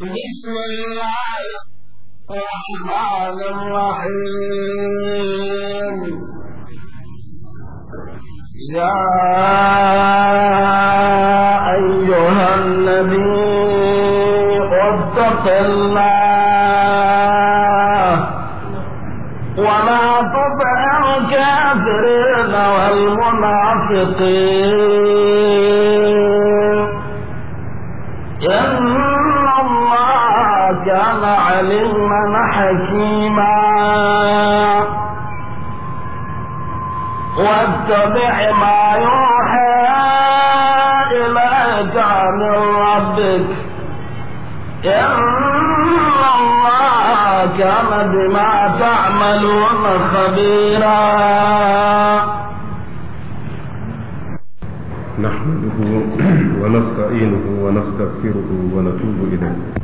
بسم الله الرحمن الرحيم يا أيها النبي اتق الله ولا تطع الكافرين والمنافقين علمنا حكيما واتبع ما يوحى إليك من ربك إن الله كان بما تعملون خبيرا نحمده ونستعينه ونستغفره ونتوب إليه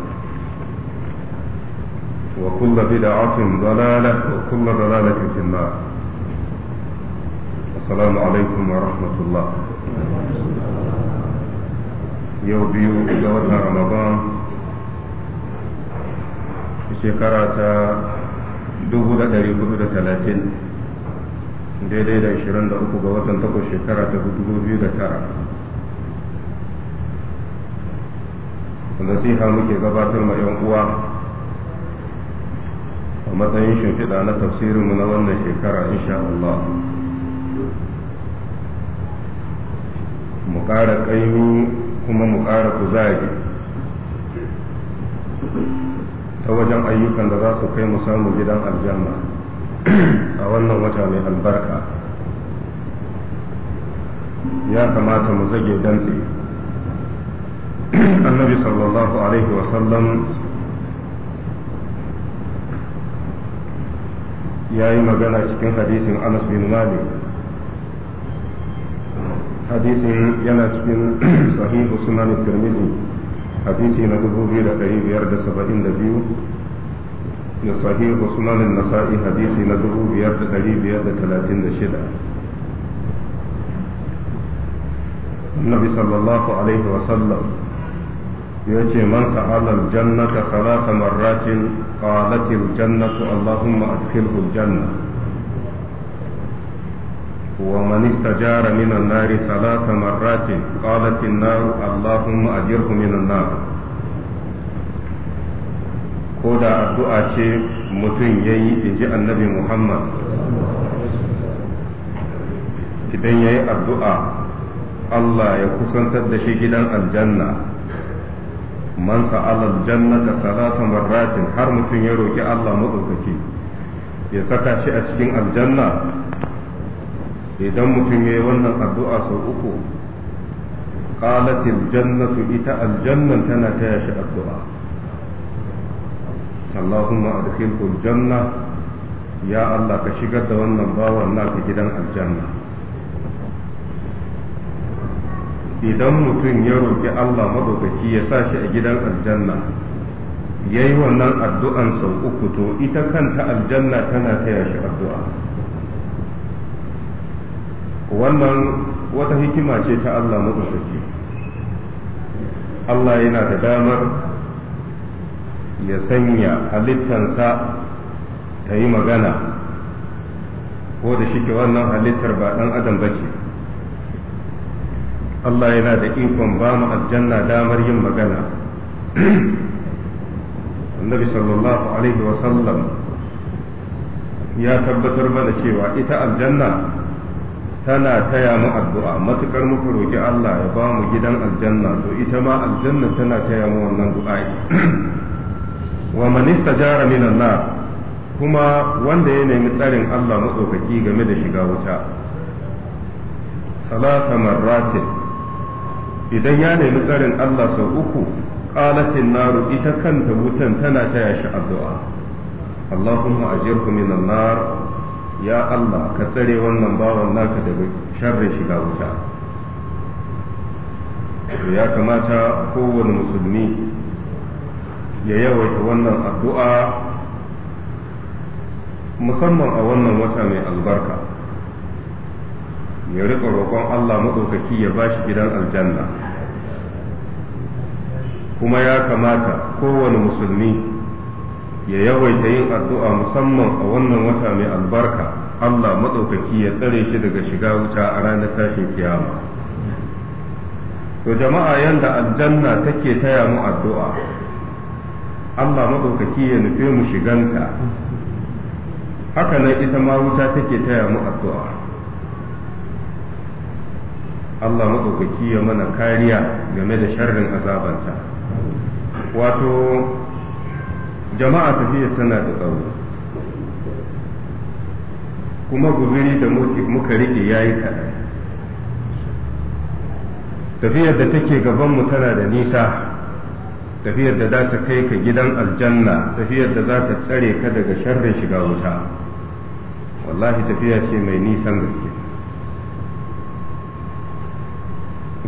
وكل بدعة ضلالة وكل ضلالة في النار السلام عليكم ورحمة الله yau biyu ga watan ramadan shekara ta 1430 daidai da 23 ga watan takwas shekara ta 2009 wanda siha muke gabatar ma 'yan uwa a matsayin shimfiɗa na tafsirinmu na wannan shekara insha Allah mu ƙara ƙaimu kuma mu ƙara kuzari ta wajen ayyukan da za su kai mu samu gidan aljanna a wannan wata mai albarka ya kamata mu zage dantse annabi sallallahu alaihi wasallam ya yi magana cikin hadisin anas bin malik hadisin yana cikin sahihu sunan tirmidhi hadisi na dubu biyu da ɗari biyar da saba'in da biyu da sahihu sunan nasa'i hadisi na dubu biyar da ɗari biyar da talatin da shida النبي صلى الله عليه وسلم Ya ce man sa'ala aljannata ta marratin qalat aljannatu allahumma adkhilhu aljanna wa man istajara min an-nari thalatha marratin qalat an-nar allahumma ajirhu min an-nar ko da addu'a ce mutum ya yi inji annabi Muhammad idan ya yi addu'a Allah ya kusantar da shi gidan aljanna man sa'ala aljannata salasa marratin har mutum ya roki Allah madaukaki ya saka shi a cikin aljanna idan mutum ya yi wannan addu'a sau uku qalatil jannatu ita aljannan tana taya shi addu'a Allahumma adkhilhu aljanna ya Allah ka shigar da wannan bawan naka gidan aljanna idan mutum ya roƙi Allah maɗaukaki ya sa shi a gidan aljanna ya yi wannan addu'an sau uku to ita kanta aljanna tana taya shi addu'a wannan wata hikima ce ta Allah maɗaukaki Allah yana da damar ya sanya halittansa ta yi magana ko da shi ke wannan halittar ba ɗan adam ba ce Allah yana da ikon ba mu aljanna damar yin magana annabi sallallahu alaihi wa sallam ya tabbatar mana cewa ita aljanna tana taya mu addu'a matukar muka Allah ya ba mu gidan aljanna to ita ma aljanna tana taya mu wannan du'a'i wa man istajara min nar kuma wanda ya nemi tsarin Allah matsaukaki game da shiga wuta salasa marratin idan ya nemi tsarin Allah sau uku ƙalatin naru ita kanta wutan tana taya shi addu'a Allahumma ajirhu minan nar ya Allah ka tsare wannan bawan naka daga sharrin shiga wuta ya kamata kowane musulmi ya yawaita wannan addu'a musamman a wannan wata mai albarka ya riƙa roƙon Allah maɗaukaki ya ba shi gidan aljanna kuma ya kamata kowane musulmi ya yawaita yin addu'a musamman a wannan wata mai albarka Allah maɗaukaki ya tsare shi daga shiga wuta a ranar tashin kiyama to jama'a yanda aljanna take taya mu addu'a Allah maɗaukaki ya nufe mu shiganta haka nan ita ma wuta take taya mu addu'a Allah maɗaukaki ya mana kariya game da sharrin azabanta wato jama'a tafiya tana da tsawo kuma guzuri da muka rike ya yi kaɗan tafiyar da take gabanmu tana da nisa tafiyar da za ta kai ka gidan aljanna tafiyar da za ta tsare ka daga sharrin shiga wuta wallahi tafiya ce mai nisan gaske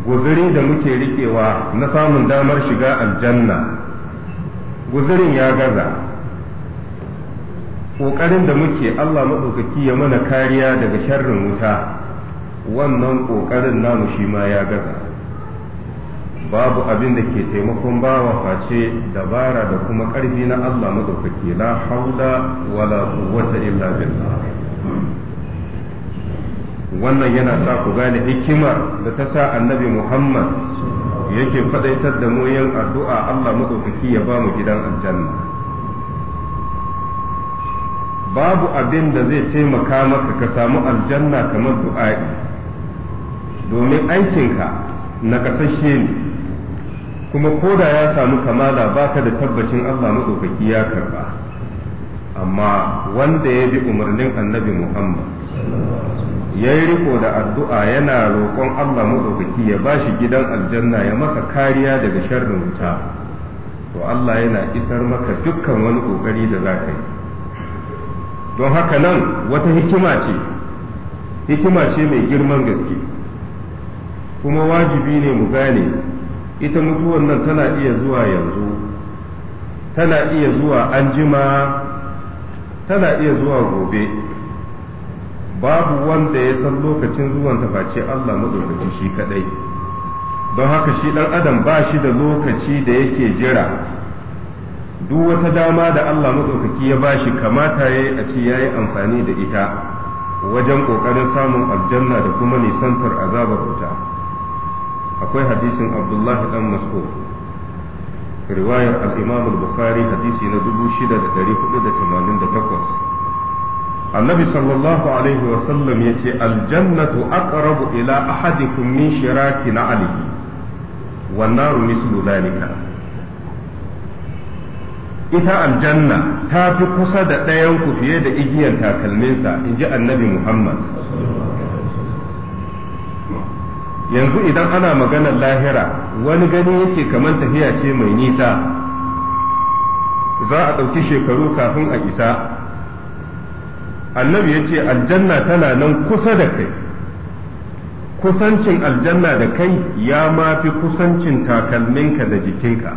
guzuri da muke rikewa na samun damar shiga aljanna guzurin ya gaza ƙoƙarin da muke Allah maɗaukaki ya mana kariya daga sharrin wuta wannan ƙoƙarin namu shi ma ya gaza babu abin da ke taimakon bawa face dabara da kuma ƙarfi na Allah maɗaukaki la haula wala quwwata illa billah wannan yana sa ku gane hikimar da ta sa annabi Muhammad yake faɗaitar da mu addu'a Allah maɗaukaki ya ba mu gidan aljanna babu abin da zai taimaka maka ka samu aljanna kamar du'a'i domin aikinka na kasashe ne kuma koda ya samu kamala baka da tabbacin Allah maɗaukaki ya karba amma wanda ya bi umarnin annabi Muhammad ya yi riko da addu'a yana roƙon Allah maɗaukaki ya ba shi gidan aljanna ya maka kariya daga sharrin wuta to Allah yana isar maka dukkan wani ƙoƙari da za ka yi don haka nan wata hikima ce hikima ce mai girman gaske kuma wajibi ne mu gane ita mutuwan nan tana iya zuwa yanzu tana iya zuwa anjima tana iya zuwa gobe babu wanda ya san lokacin zuwan ta face Allah madaukakin shi kadai don haka shi dan adam ba shi da lokaci da yake jira duk wata dama da Allah madaukaki ya bashi kamata yayi a ce yayi amfani da ita wajen kokarin samun aljanna da kuma nisantar azabar wuta akwai hadisin Abdullah dan Mas'ud riwayar al-Imam al-Bukhari hadisi na 6488 annabi sallallahu alaihi wa sallam yace aljannatu aqrabu ila ahadikum min shiraki na'alihi wan naru mislu dhalika ita aljanna ta fi kusa da ɗayanku fiye da igiyar takalminsa in ji annabi muhammad yanzu idan ana maganar lahira wani gani yake kamar tafiya ce mai nisa za a ɗauki shekaru kafin a isa annabi ya ce aljanna tana nan kusa da kai kusancin aljanna da kai ya ma fi kusancin takalminka da jikinka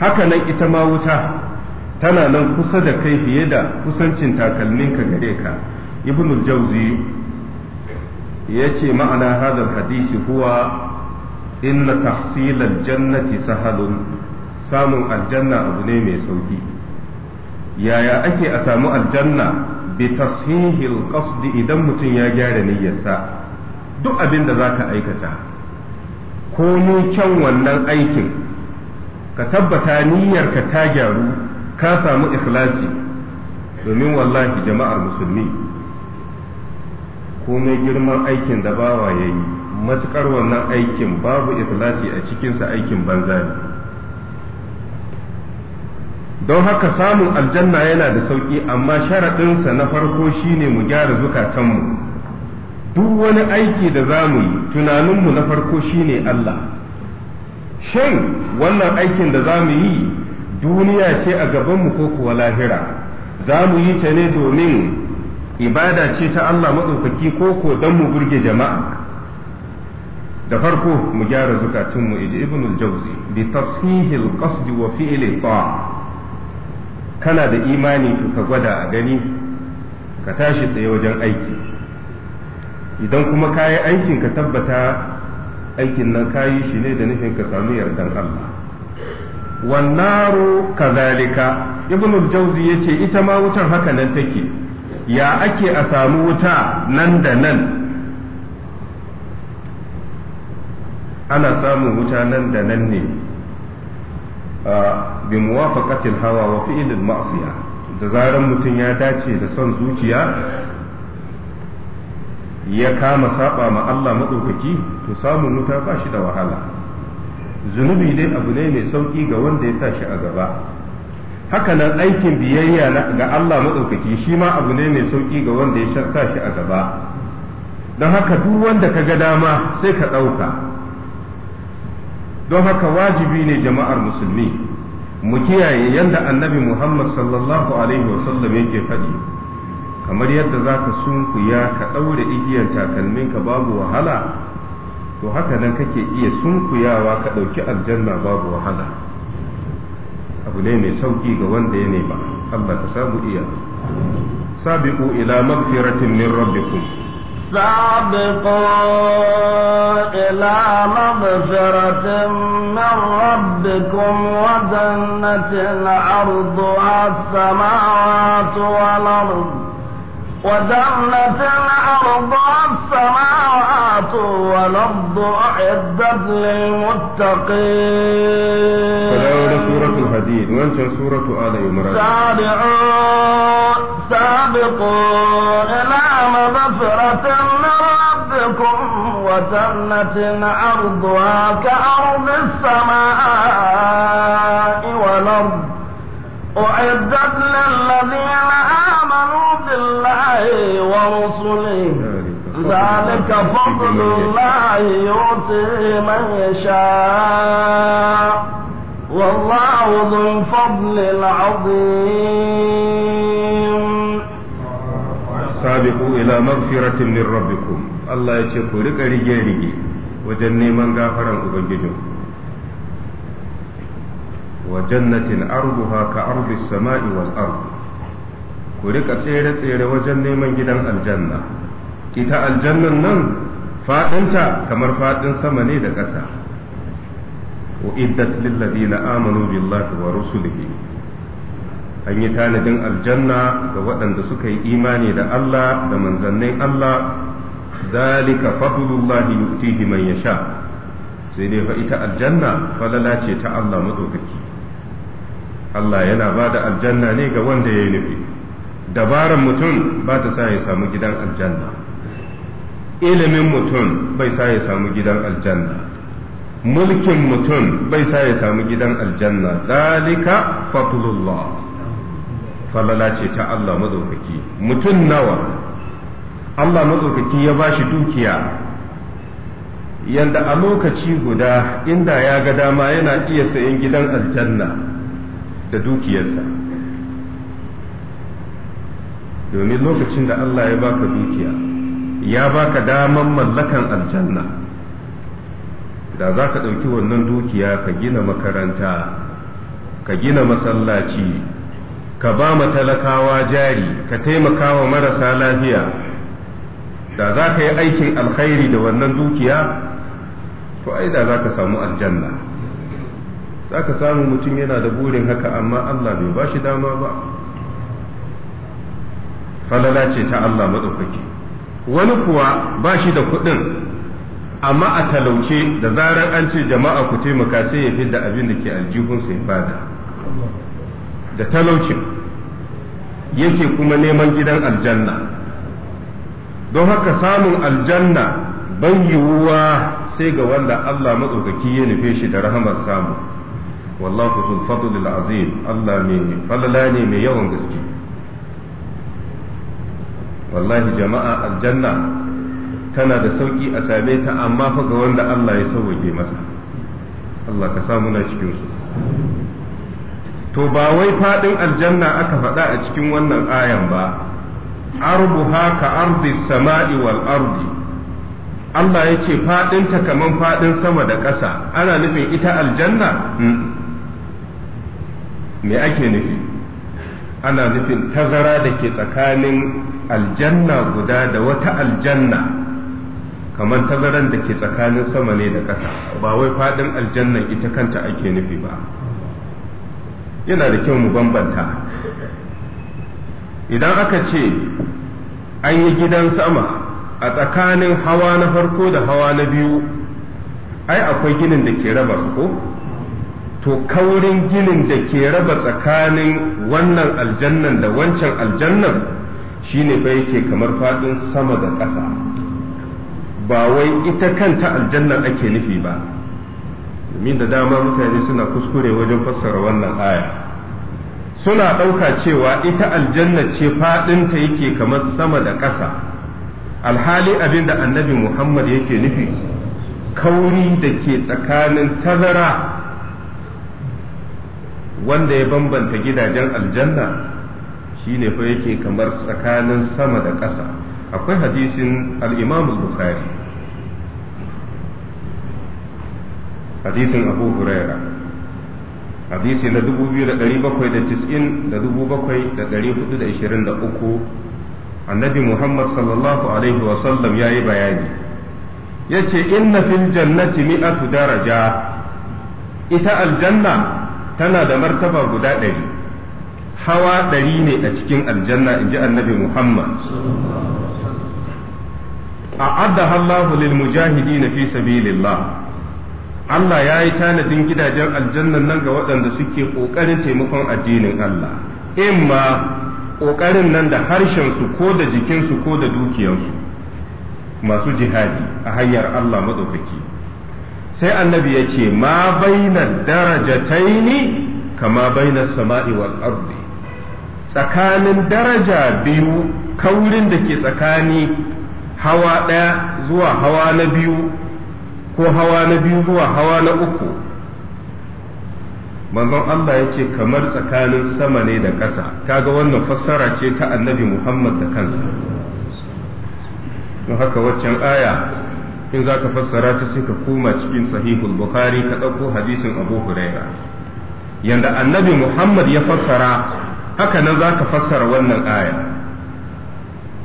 haka nan ita ma wuta tana nan kusa da kai fiye da kusancin takalminka gare ka ibn jauzi ya ce ma'ana hadar hadisi huwa inna tahsilal jannati sahalun samun aljanna abu ne mai sauki yaya ake a samu aljanna bi tashihil qasdi idan mutum ya gyara niyyarsa duk abin da za ka aikata ko ni kyan wannan aikin ka tabbata niyyarka ta gyaru ka samu ikhlasi domin wallahi jama'ar musulmi komai girman aikin da bawa yayi matukar wannan aikin babu ikhlasi a cikinsa aikin banza ne don haka samun aljanna yana da sauki amma sharaɗinsa na farko shine mu gyara zukatanmu duk wani aiki da za mu yi tunaninmu na farko shine Allah shin wannan aikin da za mu yi duniya ce a gabanmu ko kuwa lahira za mu yi ta ne domin ibada ce ta Allah maɗaukaki ko ko don mu burge jama'a da farko mu gyara zukatunmu iji ibnul jawzi bi tashihil qasdi wa fi'li ta'a kana da imani to ka gwada a gani ka tashi tsaye wajen aiki idan kuma ka yi aikin ka tabbata aikin nan ka yi shi ne da nufin ka samu yardan Allah wannaru kazalika ibn al-jawzi yace ita ma wutar haka nan take ya ake a samu wuta nan da nan ana samun wuta nan da nan ne bi muwafaqatil hawa wa fi'lil ma'siyah da zaran mutum ya dace da son zuciya ya kama saba ma Allah madaukaki to samun wuta ba shi da wahala zunubi dai abu ne mai sauki ga wanda ya sa shi a gaba haka nan aikin biyayya ga Allah madaukaki shi ma abu ne mai sauki ga wanda ya sa shi a gaba don haka duk wanda ka ga dama sai ka ɗauka don haka wajibi ne jama'ar musulmi mu kiyaye yadda annabi Muhammad sallallahu alaihi wasallam yake faɗi kamar yadda za ka sunkuya ka ɗaure igiyar takalmin ka babu wahala to haka nan kake iya sunkuyawa ka ɗauki aljanna babu wahala abu ne mai sauƙi ga wanda ya nema Allah ka samu iya sabiqu ila magfiratin min rabbikum سابقوا إلى مغفرة من ربكم وجنة عرضها والسماوات والأرض وجنة الأرض والسماوات والأرض أعدت للمتقين. سورة الحديد وانشر سورة آل عمران. سارعوا سابقوا إلى مغفرة من ربكم وجنة عرضها كأرض السماء والأرض أعدت للذين آمنوا بالله ورسله ذلك فضل الله يؤتيه من يشاء والله ذو الفضل العظيم fasabiqu ila maghfiratin min rabbikum Allah ya ce ku rika rige rige wajen neman gafaran ubangijin wa jannatin arduha ka ardi samai wal ard ku rika tsere tsere wajen neman gidan aljanna ita aljannan nan fadinta kamar fadin sama ne da ƙasa wa iddat lil ladina amanu billahi wa rusulihi an yi tanadin aljanna ga waɗanda suka yi imani da Allah da manzannin Allah zalika fadlullahi yu'tihi man yasha sai dai fa ita aljanna falala ce ta Allah madaukaki Allah yana ba da aljanna ne ga wanda ya yi nufi dabaran mutum ba ta sa ya samu gidan aljanna ilimin mutum bai sa ya samu gidan aljanna mulkin mutum bai sa ya samu gidan aljanna zalika fadlullah falala ce ta Allah mazaukaki mutum nawa Allah mazaukaki ya bashi dukiya yanda a lokaci guda inda ya ga dama yana iya sayan gidan aljanna da dukiyarsa domin lokacin da Allah ya baka dukiya ya baka daman mallakan aljanna da za ka ɗauki wannan dukiya ka gina makaranta ka gina masallaci ka ba ma talakawa jari ka taimaka wa marasa lafiya da za ka yi aikin alkhairi da wannan dukiya to ai da za ka samu aljanna za ka samu mutum yana da burin haka amma Allah bai ba shi dama ba falala ce ta Allah maɗaukaki wani kuwa ba shi da kuɗin amma a talauce da zarar an ce jama'a ku taimaka sai ya fi da abin da ke aljihunsa ya bada da talaucin yake kuma neman gidan aljanna don haka samun aljanna ban yiwuwa sai ga wanda Allah matsaukaki ya nufe shi da rahamar samu wallahu zul fadlil azim Allah mai falala ne mai yawan gaske wallahi jama'a aljanna tana da sauƙi a same ta amma fa wanda Allah ya sauwake masa Allah ka samu na cikinsu. to ba wai faɗin aljanna aka faɗa a cikin wannan ayan ba Arbu haka ardi sama'i wal ardi Allah ya ce faɗinta kaman faɗin sama da ƙasa ana nufin ita aljanna mm. me ake nufi ana nufin tazara da ke tsakanin aljanna guda da wata aljanna kamar tazaran da ke tsakanin sama ne da ƙasa ba wai faɗin aljannan ita kanta ake nufi ba yana da kyau mu bambanta idan aka ce an yi gidan sama a tsakanin hawa na farko da hawa na biyu ai akwai ginin da ke raba ko to kaurin ginin da ke raba tsakanin wannan aljannan da wancan aljannan shine bai ke kamar fadin sama da ƙasa ba wai ita kanta aljannan ake nufi ba domin da dama mutane suna kuskure wajen fassara wannan aya suna ɗauka cewa ita aljanna ce faɗinta yake kamar sama da ƙasa alhali abin da annabi muhammad yake nufi kauri da ke tsakanin tazara wanda ya bambanta gidajen aljanna shine fa yake kamar tsakanin sama da ƙasa akwai hadisin al-imam bukhari hadisin abu huraira hadisi na 2790 da 7423 annabi muhammad sallallahu alaihi wasallam ya yi bayani ya ce inna fil jannati mi'atu daraja ita aljanna tana da martaba guda ɗari hawa ɗari ne a cikin aljanna in ji annabi muhammad a'adda Allahu lil mujahidin fi sabilillah Allah ya yi tanadin gidajen aljannan nan ga waɗanda suke ƙoƙarin taimakon addinin Allah in ma ƙoƙarin nan da harshensu ko da jikinsu ko da dukiyarsu masu jihadi a hanyar Allah maɗaukaki sai annabi ya ce ma baina ni kama baina sama'i wa ardi tsakanin daraja biyu kaurin da ke tsakani hawa ɗaya zuwa hawa na biyu ko hawa na biyu zuwa hawa na uku manzon Allah ya kamar tsakanin sama ne da ƙasa kaga wannan fassara ce ta annabi Muhammad da kansa don haka waccan aya in za ka fassara ta sai ka koma cikin sahihul bukhari ka ɗauko hadisin abu huraira yanda annabi Muhammad ya fassara haka nan za ka fassara wannan aya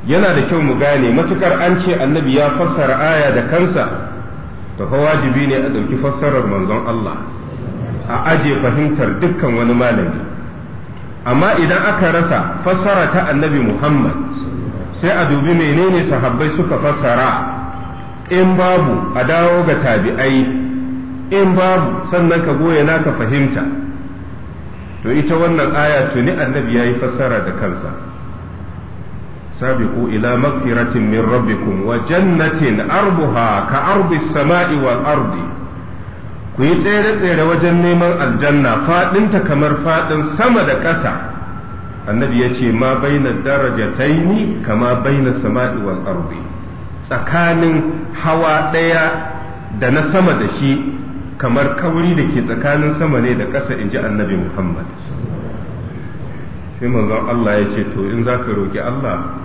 yana da kyau mu gane matukar an ce annabi ya fassara aya da kansa to fa wajibi ne a ɗauki fassarar manzon Allah a aje fahimtar dukkan wani malami amma idan aka rasa fassara ta annabi Muhammad sai a dubi menene sahabbai suka fassara in babu a dawo ga tabi'ai in babu sannan ka goya naka fahimta to ita wannan aya tuni annabi ya yi fassara da kansa سابقوا إلى مغفرة من ربكم وجنة أرضها كأرض السماء والأرض ku yi tsere-tsere wajen neman aljanna faɗinta kamar faɗin sama da ƙasa annabi ya ce ma baina darajataini kama baina sama'i wal ardi tsakanin hawa ɗaya da na sama da shi kamar kauri da ke tsakanin sama ne da ƙasa in ji annabi muhammad sai manzon Allah ya ce to in za ka roƙi Allah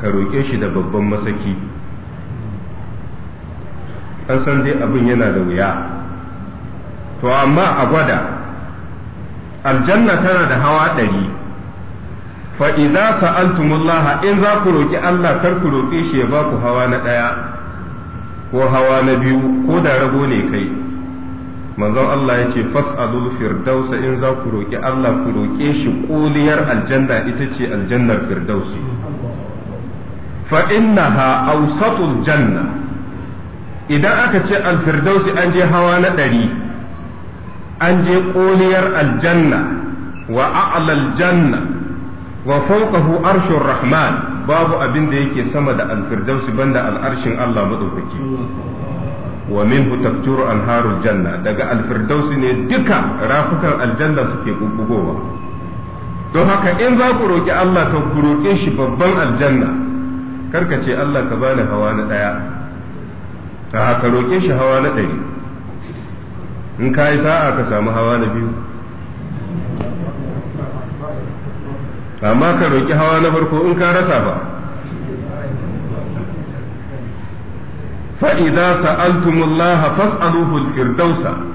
ka roƙe shi da babban masaki an san dai abin yana da wuya to amma a gwada aljanna tana da hawa ɗari fa idza sa'altumullaha in za ku roƙi Allah kar ku roƙe shi ya ba ku hawa na ɗaya ko hawa na biyu ko da rago ne kai manzon Allah ya ce fas'alul firdausa in za ku roƙi Allah ku roƙe shi ƙuliyar aljanna ita ce aljannar firdausi fa innaha awsatul janna idan aka ce alfirdausi an je hawa na ɗari an je ƙoliyar aljanna wa a'lal janna wa fawqahu arshur rahman babu abin da yake sama da alfirdausi banda al'arshin Allah madaukaki wa minhu tafjuru anharul janna daga alfirdausi ne duka rafukan aljanna suke bubbugowa don haka in za ku roki Allah ka ku shi babban aljanna karka ce Allah ka bani hawa na ɗaya a ka roƙe shi hawa na ɗari in ka yi sa'a ka samu hawa na biyu amma ka roƙi hawa na farko in ka rasa ba فإذا سألتم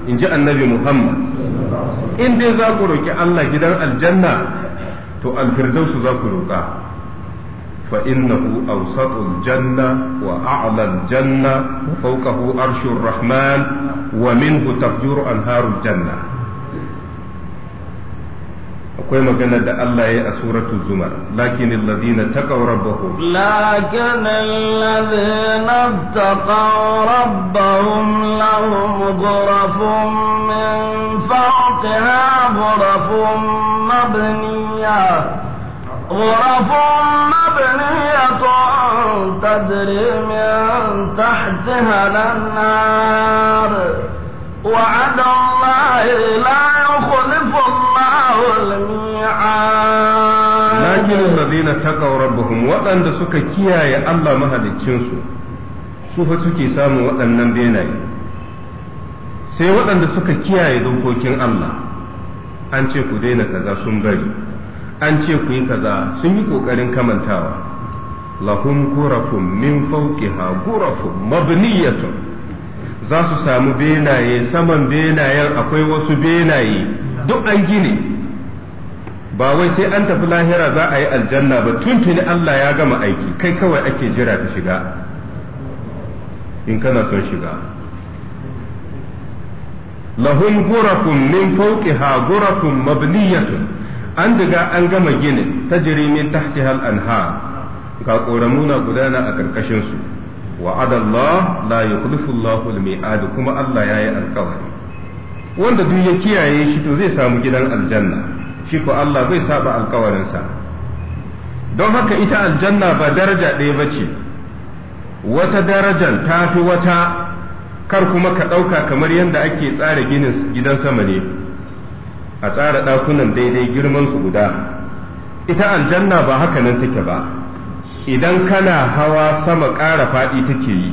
in ji annabi Muhammad. In dai za ku roƙi Allah gidan aljanna, to alfirdausu za ku roƙa. فإنه أوسط الجنة وأعلى الجنة وفوقه أرش الرحمن ومنه تفجر أنهار الجنة أقول ما قلنا ده الله يا سورة الزمر لكن الذين تقوا ربهم لكن الذين اتقوا ربهم لهم غرف من فوقها غرف مبنية غرف مبنية تدري من تحتها الأنهار وعد الله لا يخلف الله الميعاد لكن الذين اتقوا ربهم وأن دسوك كيا يا الله مهد تشنسو سوف سكي سامو وأن بيني sai waɗanda suka kiyaye dokokin Allah an ce ku daina kaza sun bari an ce ku yi kaza sun yi ƙoƙarin kamantawa lahum gurafun min fawqiha gurafun mabniyatun za su samu benaye saman benayen akwai wasu benaye duk an gine ba wai sai an tafi lahira za a yi aljanna ba tuntuni Allah ya gama aiki kai kawai ake jira ta shiga in kana son shiga lahum gurafun min fawqiha gurafun mabniyatun an diga an gama gini tajri min tahtiha al-anhar ga ƙoramu na gudana a ƙarƙashinsu wa'adallah la yukhlifu Allahu mai adi kuma Allah ya yi alƙawari wanda duk ya kiyaye shi to zai samu gidan aljanna shi ko Allah bai saba alkawarinsa don haka ita aljanna ba daraja ɗaya ba ce wata darajar ta fi wata kar kuma ka ɗauka kamar yadda ake tsara ginin gidan sama ne a tsara ɗakunan daidai girmansu guda ita aljanna ba haka nan take ba idan kana hawa sama ƙara faɗi take yi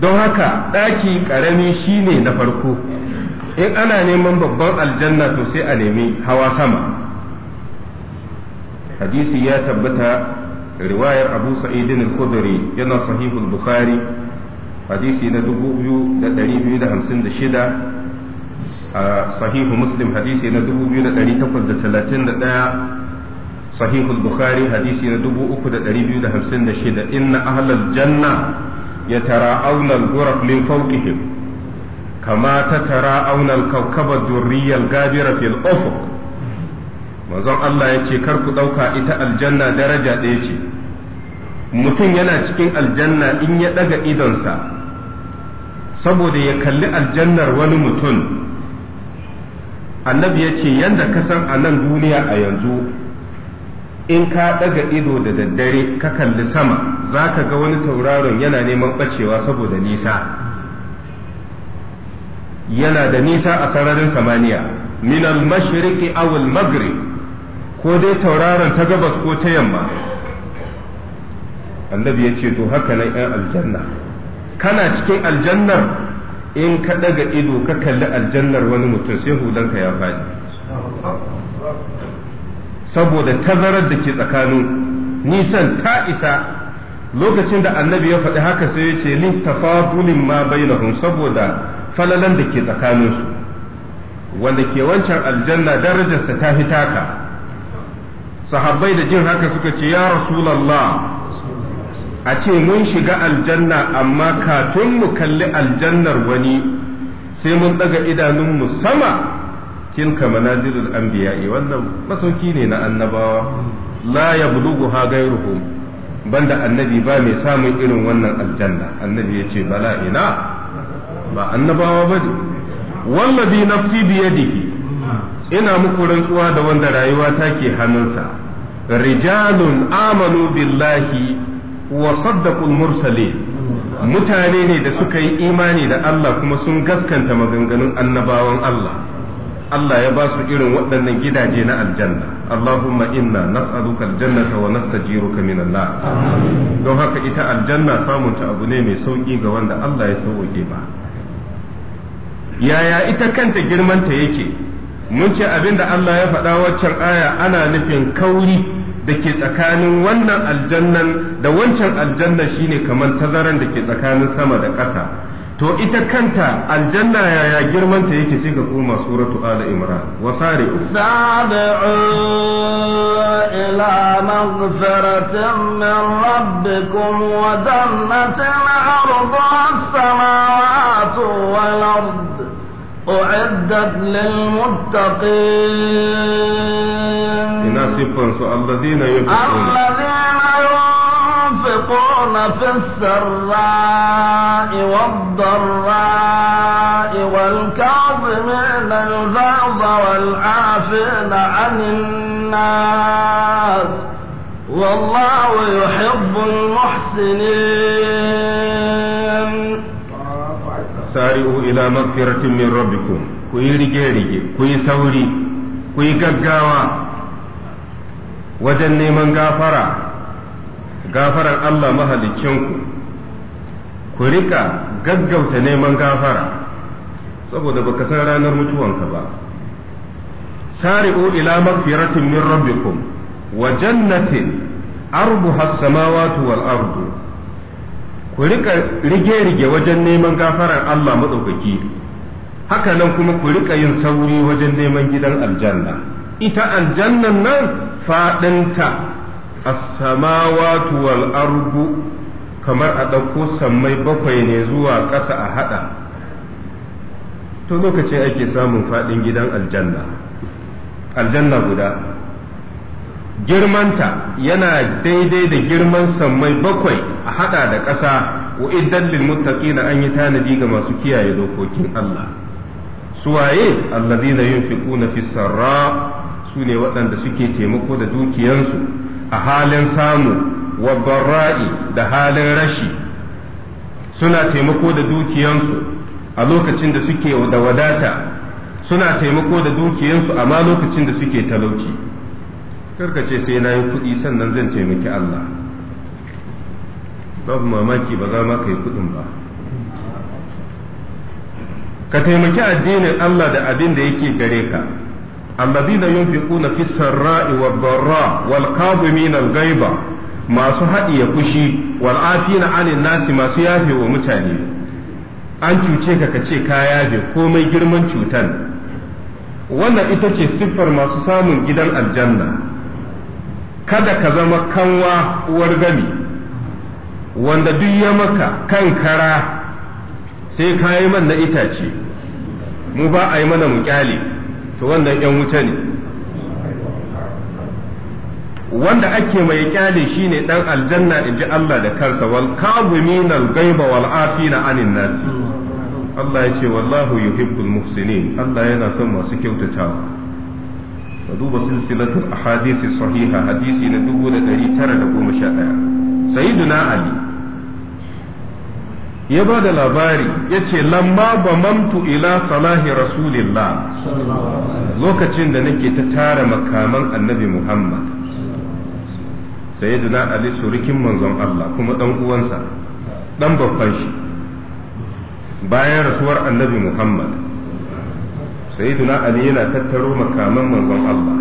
don haka ɗaki ƙarami shi ne na farko in ana neman babban aljanna to sai a nemi hawa sama hadisi ya tabbata riwayar abu sa'idin al-khudri yana sahihul bukhari hadisi na 2256 a sahihu muslim hadisi na 2831 sahihul Buhari hadisi na 3256 inna ahlal janna يتراءون الغرف من فوقهم كما تتراءون الكوكب الدري الغابر في الأفق manzon Allah ya ce kar ku ɗauka ita aljanna daraja ɗaya ce mutum yana cikin aljanna in ya ɗaga idonsa saboda ya kalli aljannar wani mutum annabi ya ce yadda ka san a nan duniya a yanzu in ka daga ido da daddare ka kalli sama za ka ga wani tauraron yana neman ɓacewa saboda nisa yana da nisa a sararin samaniya min al-mashriqi aw al ko dai tauraron ta gabas ko ta yamma annabi ya ce to haka nan yan aljanna kana cikin aljannar in ka daga ido ka kalli aljannar wani mutum sai hudanka ya faɗi saboda tazarar da ke tsakanin nisan ta isa lokacin da annabi ya faɗi haka sai ya ce lin tafadulin ma bainahum saboda falalan da ke tsakanin su wanda ke wancan aljanna darajarsa ta fi taka sahabbai da jin haka suka ce ya rasulallah a ce mun shiga aljanna amma kafin mu kalli aljannar wani sai mun daga idanunmu sama tilka manazilul anbiya wannan masauki ne na annabawa la ha ghayruhum banda annabi ba mai samun irin wannan aljanna annabi ya ce bala ina ba annabawa ba ne wallabi nafsi biyadihi ina muku rantsuwa da wanda rayuwa take hannunsa rijalun amanu billahi wa saddaqul mursalin mutane ne da suka yi imani da Allah kuma sun gaskanta maganganun annabawan Allah Allah ya ba su irin waɗannan gidaje na aljanna Allahumma inna nas'aluka aljannata wa nastajiruka min Allah don haka ita aljanna samun ta abu ne mai sauki ga wanda Allah ya sauke ba yaya ita kanta girman ta yake mun ce abinda Allah ya faɗa waccan aya ana nufin kauri da ke tsakanin wannan aljannan da wancan aljanna shine kamar tazaran da ke tsakanin sama da ƙasa to ita kanta aljanna ya ya girman ta yake sai ka koma suratu ala imran wa sari sabi'u ila maghfiratin min rabbikum wa jannatin arduha as-samawati wal ard أعدت للمتقين إن صفا su alladhina الذين ينفقون في السراء والضراء والكاظمين الغيظ والعافين عن الناس والله يحب المحسنين سارعوا إلى مغفرة من ربكم كوي رجالي كوي ثوري كوي كجاوة وجن من غافرة gafaran Allah mahalikinku ku rika gaggauta neman gafara saboda baka san ranar mutuwanka ba sari'u ila magfiratin min rabbikum wa jannatin arbuha as-samawati wal ardu ku rika rige-rige wajen neman gafaran Allah madaukaki haka nan kuma ku rika yin sauri wajen neman gidan aljanna ita aljannan nan fadinta as-samawati wal ardu kamar a ɗauko sammai bakwai ne zuwa ƙasa a haɗa to lokacin ake samun faɗin gidan aljanna aljanna guda girmanta yana daidai da girman sammai bakwai a haɗa da ƙasa wa iddan lil muttaqina an yi tanadi ga masu kiyaye dokokin Allah waye allazina yunfiquna fis sarra su ne waɗanda suke taimako da dukiyansu a halin samu wa barra'i da halin rashi suna taimako da dukiyansu a lokacin da suke da wadata suna taimako da dukiyansu amma lokacin da suke talauci ce sai na yi kuɗi sannan zan taimaki Allah babu mamaki ba za ma ka yi kuɗin ba ka taimaki addinin Allah da abin da yake gare ka alladina yunfiquna fi sarra'i wad dharra wal qadimin al ghaiba masu haɗiye fushi wal'afi afina anin nasi masu yafe wa mutane an cuce ka kace ka yafe komai girman cutan wannan ita ce siffar masu samun gidan aljanna kada ka zama kanwa uwar gami wanda duk ya maka kan kara sai ka yi man na itace mu ba a yi mana mu kyale to wannan yan wuta ne wanda ake mai kyale shine ɗan aljanna inji Allah da karsa wal kazimin al ghaiba wal afina anin nas Allah ya ce wallahu yuhibbul muhsinin Allah yana son masu kyautatawa ka duba silsilatul ahadith sahiha hadisi na 1911 sayyiduna ali ya ba da labari ya ce lamma ba mamtu ila salahi rasulillah lokacin da nake ta tara makaman annabi muhammad sayyidina ali surikin manzon allah kuma ɗan uwansa ɗan babban shi bayan rasuwar annabi muhammad sayyidina ali yana tattaro makaman manzon allah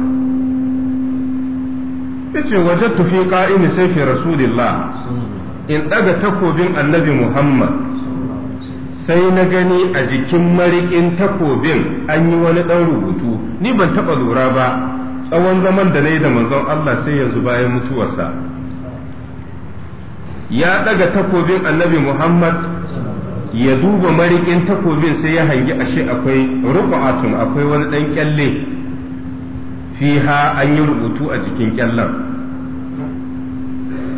yace tufi fi qa'imi sayfi rasulillah in ɗaga takobin annabi Muhammad sai na gani a jikin mariƙin takobin an yi wani ɗan rubutu ni ban taɓa lura ba tsawon zaman da na yi da manzon Allah sai yanzu bayan mutuwarsa ya ɗaga takobin annabi Muhammad ya duba mariƙin takobin sai ya hangi ashe akwai ruku'atun akwai wani ɗan kyalle fiha an yi rubutu a jikin kyallen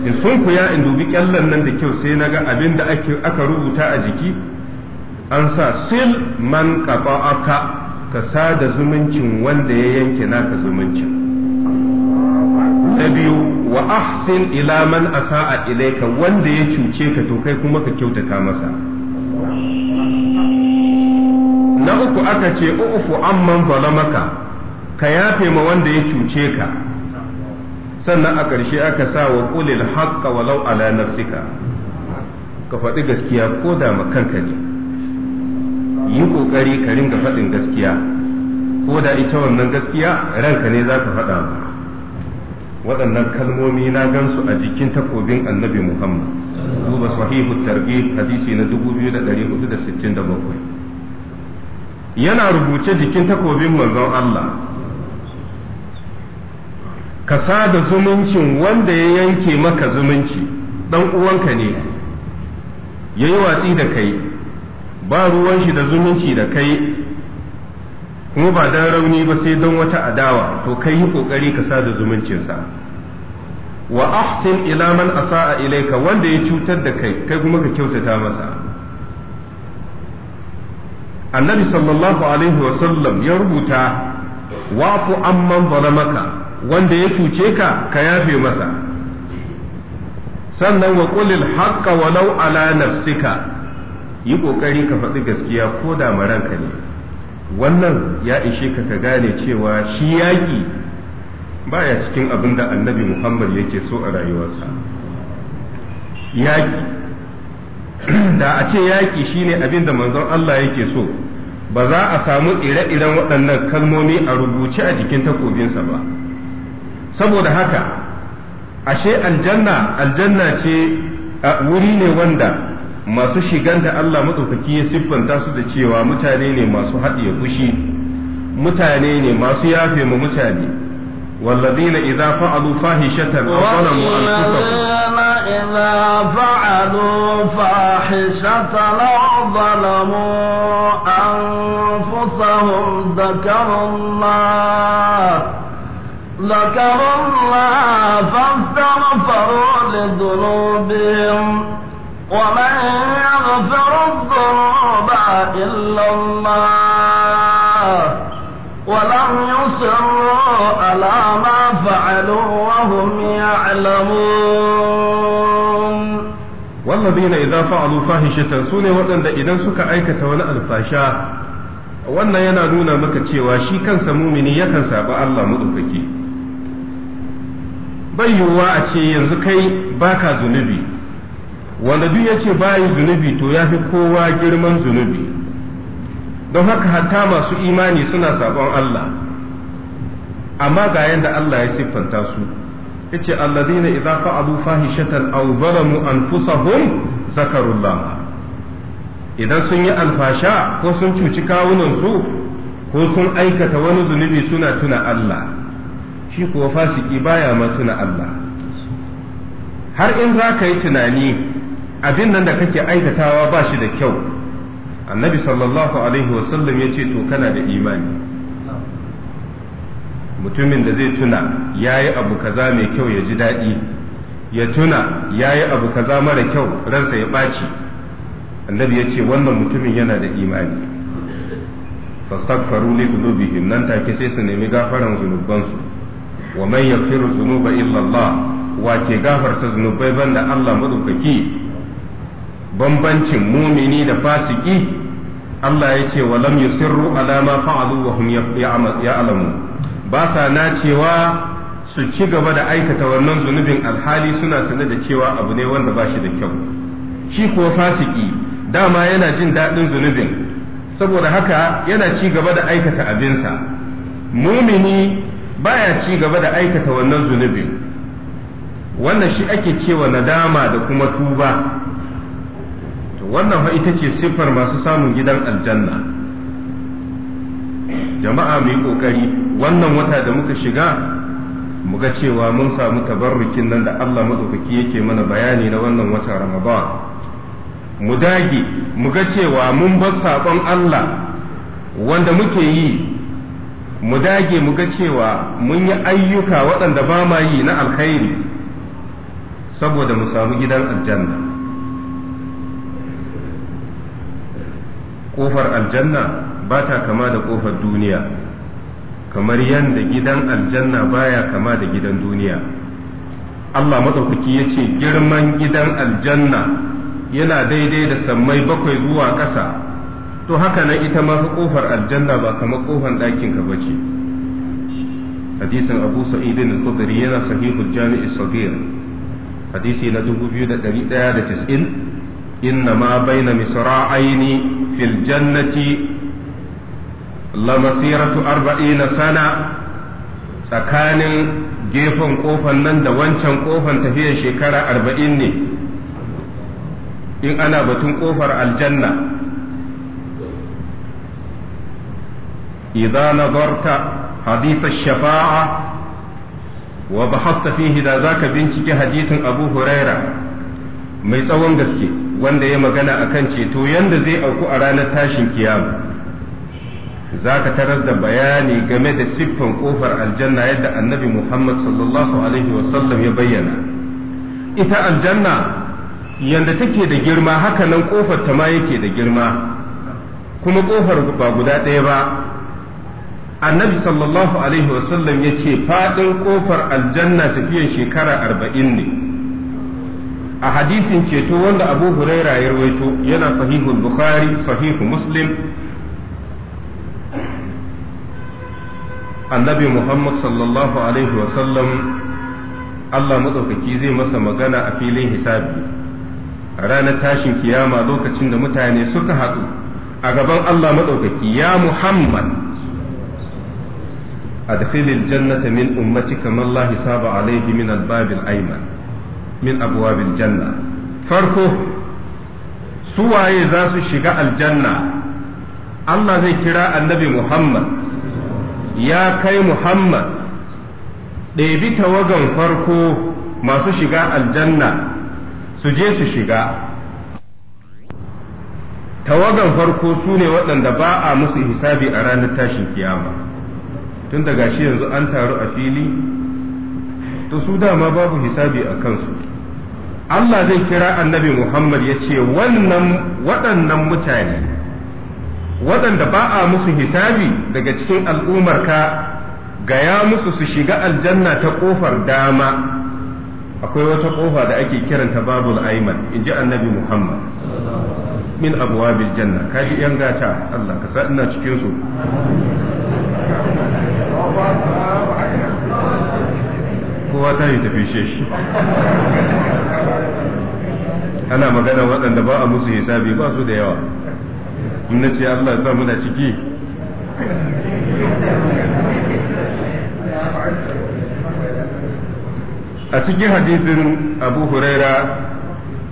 in sun ku ya in dubi kyallan nan da kyau sai naga abin da aka rubuta a jiki an sa sil man qata'aka ka sada zumuncin wanda ya yanke naka zumuncin na biyu wa ahsin ila man asa'a ilayka wanda ya cuce ka to kai kuma ka kyautata masa na uku aka ce ufu amman zalamaka ka yafe ma wanda ya cuce ka sannan a ƙarshe aka sa wa ƙulil haƙƙa walau ala nafsika ka faɗi gaskiya ko da ma kanka ne yi ƙoƙari ka ringa faɗin gaskiya ko da ita wannan gaskiya ranka ne za ka faɗa ba waɗannan kalmomi na gansu a jikin takobin annabi muhammad duba sahihu tarbi hadisi na 2467 yana rubuce jikin takobin manzon allah ka sada zumuncin wanda ya yanke maka zumunci dan uwanka ne yayi watsi da kai ba ruwan shi da zumunci da kai kuma ba dan rauni ba sai don wata adawa to kai yi kokari ka sada zumuncinsa wa ahsin ila man asaa ilayka wanda ya cutar da kai kai kuma ka kyautata masa annabi sallallahu alaihi wa sallam ya rubuta wa'fu amman zalamaka wanda ya cuce ka ka yafe masa sannan wa qulil haqqo walau ala nafsika yi kokari ka faɗi gaskiya ko da maranka ne wannan ya ishe ka ka gane cewa shi yaƙi baya cikin abin da annabi muhammad yake so a rayuwarsa yaƙi da a ce yaƙi shine abin da manzon allah yake so ba za a samu ire-iren waɗannan kalmomi a rubuce a jikin takobinsa ba saboda haka ashe aljanna aljanna ce wuri ne wanda masu shiganta Allah matsaukaki ya siffanta su da cewa mutane ne masu haɗiye fushi mutane ne masu yafe mu mutane والذين إذا فعلوا فاحشة أو ظلموا أنفسهم إذا فعلوا فاحشة أو ظلموا أنفسهم ذكروا الله ذكروا الله فاستغفروا لذنوبهم ومن يغفر الذنوب إلا الله ولم يصروا على ما فعلوا وهم يعلمون والذين إذا فعلوا فاحشة سنة وأن إذا سكا أيكة ولا الفاشاة wannan yana nuna maka cewa shi kansa mumini yakan saba Allah madaukaki bai a ce yanzu kai baka zunubi wanda duk ya ce bayi zunubi to ya fi kowa girman zunubi don haka hatta masu imani suna sabon Allah amma ga yadda Allah ya siffanta su yace alladhina idza fa'alu fahishatan aw zalamu anfusahum zakarullah idan sun yi alfasha ko sun cuci kawunan su ko sun aikata wani zunubi suna tuna Allah shi kuwa fasiki baya ma tuna Allah har in za ka yi tunani abin nan da kake aikatawa ba shi da kyau annabi sallallahu alaihi wasallam ya ce to kana da imani mutumin da zai tuna ya yi abu kaza mai kyau ya ji daɗi ya tuna ya yi abu kaza mara kyau ransa ya ɓaci annabi ya ce wannan mutumin yana da imani fastaghfaru li nan take sai su nemi gafaran zunubansu wa man yaghfiru dhunuba illa Allah wa ke gafarta zunubai banda Allah madaukaki bambancin mumini da fasiki Allah ya ce wa lam yusirru ala ma fa'alu wa hum ya'lamu ba sa na cewa su ci gaba da aikata wannan zunubin alhali suna sanar da cewa abu ne wanda ba shi da kyau shi kuwa fasiki dama yana jin daɗin zunubin saboda haka yana ci gaba da aikata abinsa mumini baya ci gaba da aikata wannan zunubin wannan shi ake cewa nadama da kuma tuba to wannan fa ita ce siffar masu samun gidan aljanna jama'a mu yi kokari wannan wata da muka shiga muka cewa mun samu tabarrukin nan da Allah madaukaki yake mana bayani na wannan wata Ramadan mu dage muga cewa mun bar sabon Allah wanda muke yi mu dage mu ga cewa mun yi ayyuka waɗanda ba ma yi na alkhairi saboda mu samu gidan aljanna ƙofar aljanna ba ta kama da ƙofar duniya kamar yadda gidan aljanna baya kama da gidan duniya Allah maɗaukaki ya ce girman gidan aljanna yana daidai da sammai bakwai zuwa ƙasa to haka nan ita ma kofar aljanna ba kamar kofar ɗakin ka bace hadisin abu sa'id al-khudri yana sahihu jami'i saghir hadisi na 2190 inna ma baina misra'aini fil jannati la masiratu 40 sana tsakanin gefen kofan nan da wancan kofan tafiyar shekara arba'in ne in ana batun kofar aljanna إذا نظرت حديث الشفاعة وبحثت فيه da zaka binciki hadisin Abu Huraira mai tsawon gaske wanda ya magana akan ceto yanda zai auku a ranar tashin kiyama zaka tarar da bayani game da siffan kofar aljanna yadda Annabi Muhammad sallallahu alaihi wasallam ya bayyana ita aljanna yanda take da girma haka nan kofar ta ma yake da girma kuma kofar ba guda ɗaya ba annabi sallallahu alaihi wasallam ya ce faɗin ƙofar aljanna tafiyan shekara arba'in ne a hadisin ceto wanda abu huraira ya rawaito yana sahihul bukhari sahihu muslim annabi muhammad sallallahu alaihi wasallam allah maɗaukaki zai masa magana a filin hisabi ranar tashin kiyama lokacin da mutane suka haɗu a gaban allah maɗaukaki ya muhammad أدخل الجنة من أمتك ما الله صاب عليه من الباب الأيمن من أبواب الجنة فرقه سوى ذاس شقاء الجنة الله زي كراء النبي محمد يا كي محمد ɗebi tawagan farko masu shiga aljanna su je su shiga tawagan farko su ne waɗanda ba a musu hisabi a ranar tashin kiyama tun da gashi yanzu an taru a fili to su dama babu hisabi a kansu Allah zai kira annabi Muhammad ya ce waɗannan mutane waɗanda ba a musu hisabi daga cikin al'ummarka gaya musu su shiga aljanna ta ƙofar dama akwai wata ƙofa da ake kiranta babul aiman in ji annabi Muhammad min abuwa janna kaji yan gata Allah ka sa ina cikin su kowa ta yi tafi shi ana magana waɗanda ba a musu hisabi ba su da yawa in na ce Allah ya muna ciki a cikin hadisin abu huraira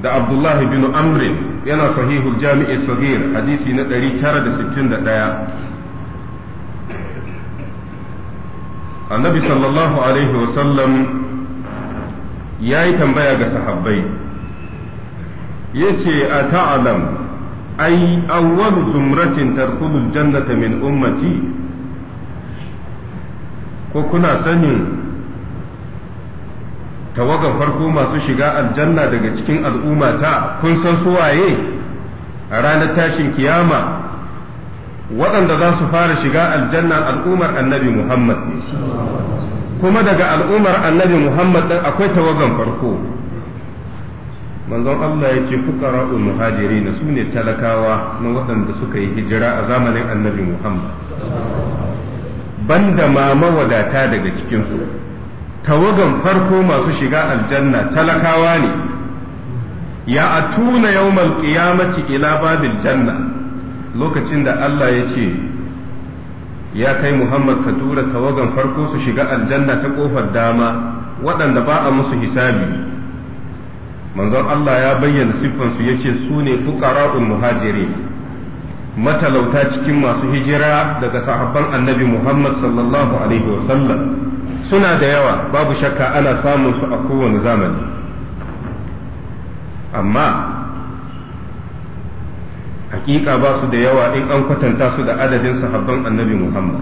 da abdullahi bin amrin yana sahihul jami'in sahir hadisi na 961 annabi sallallahu alaihi wasallam ya yi tambaya ga sahabbai ya ce a ta'alam ai awwal zumratin tarkudul jannata min ummati ko kuna sanin tawagan farko masu shiga aljanna daga cikin al'ummata kun san waye a ranar tashin kiyama waɗanda za su fara shiga aljanna al'ummar annabi Muhammad ne kuma daga al'ummar annabi Muhammad ɗin akwai tawagan farko manzon Allah ya ce fuqara muhajiri na sune talakawa na waɗanda suka yi hijira a zamanin annabi Muhammad banda ma mawadata daga cikinsu tawagan farko masu shiga aljanna talakawa ne ya atuna yawmal qiyamati ila babil janna lokacin da Allah ya ce ya kai Muhammad ka tura tawagan farko su shiga aljanna ta kofar dama waɗanda ba a musu hisabi manzon Allah ya bayyana siffansu ya ce su ne fuqara'ul muhajiri matalauta cikin masu hijira daga sahabban annabi Muhammad sallallahu alaihi sallam suna da yawa babu shakka ana samun su a kowane zamani amma hakika ba su da yawa in an kwatanta su da adadin sahabban annabi Muhammad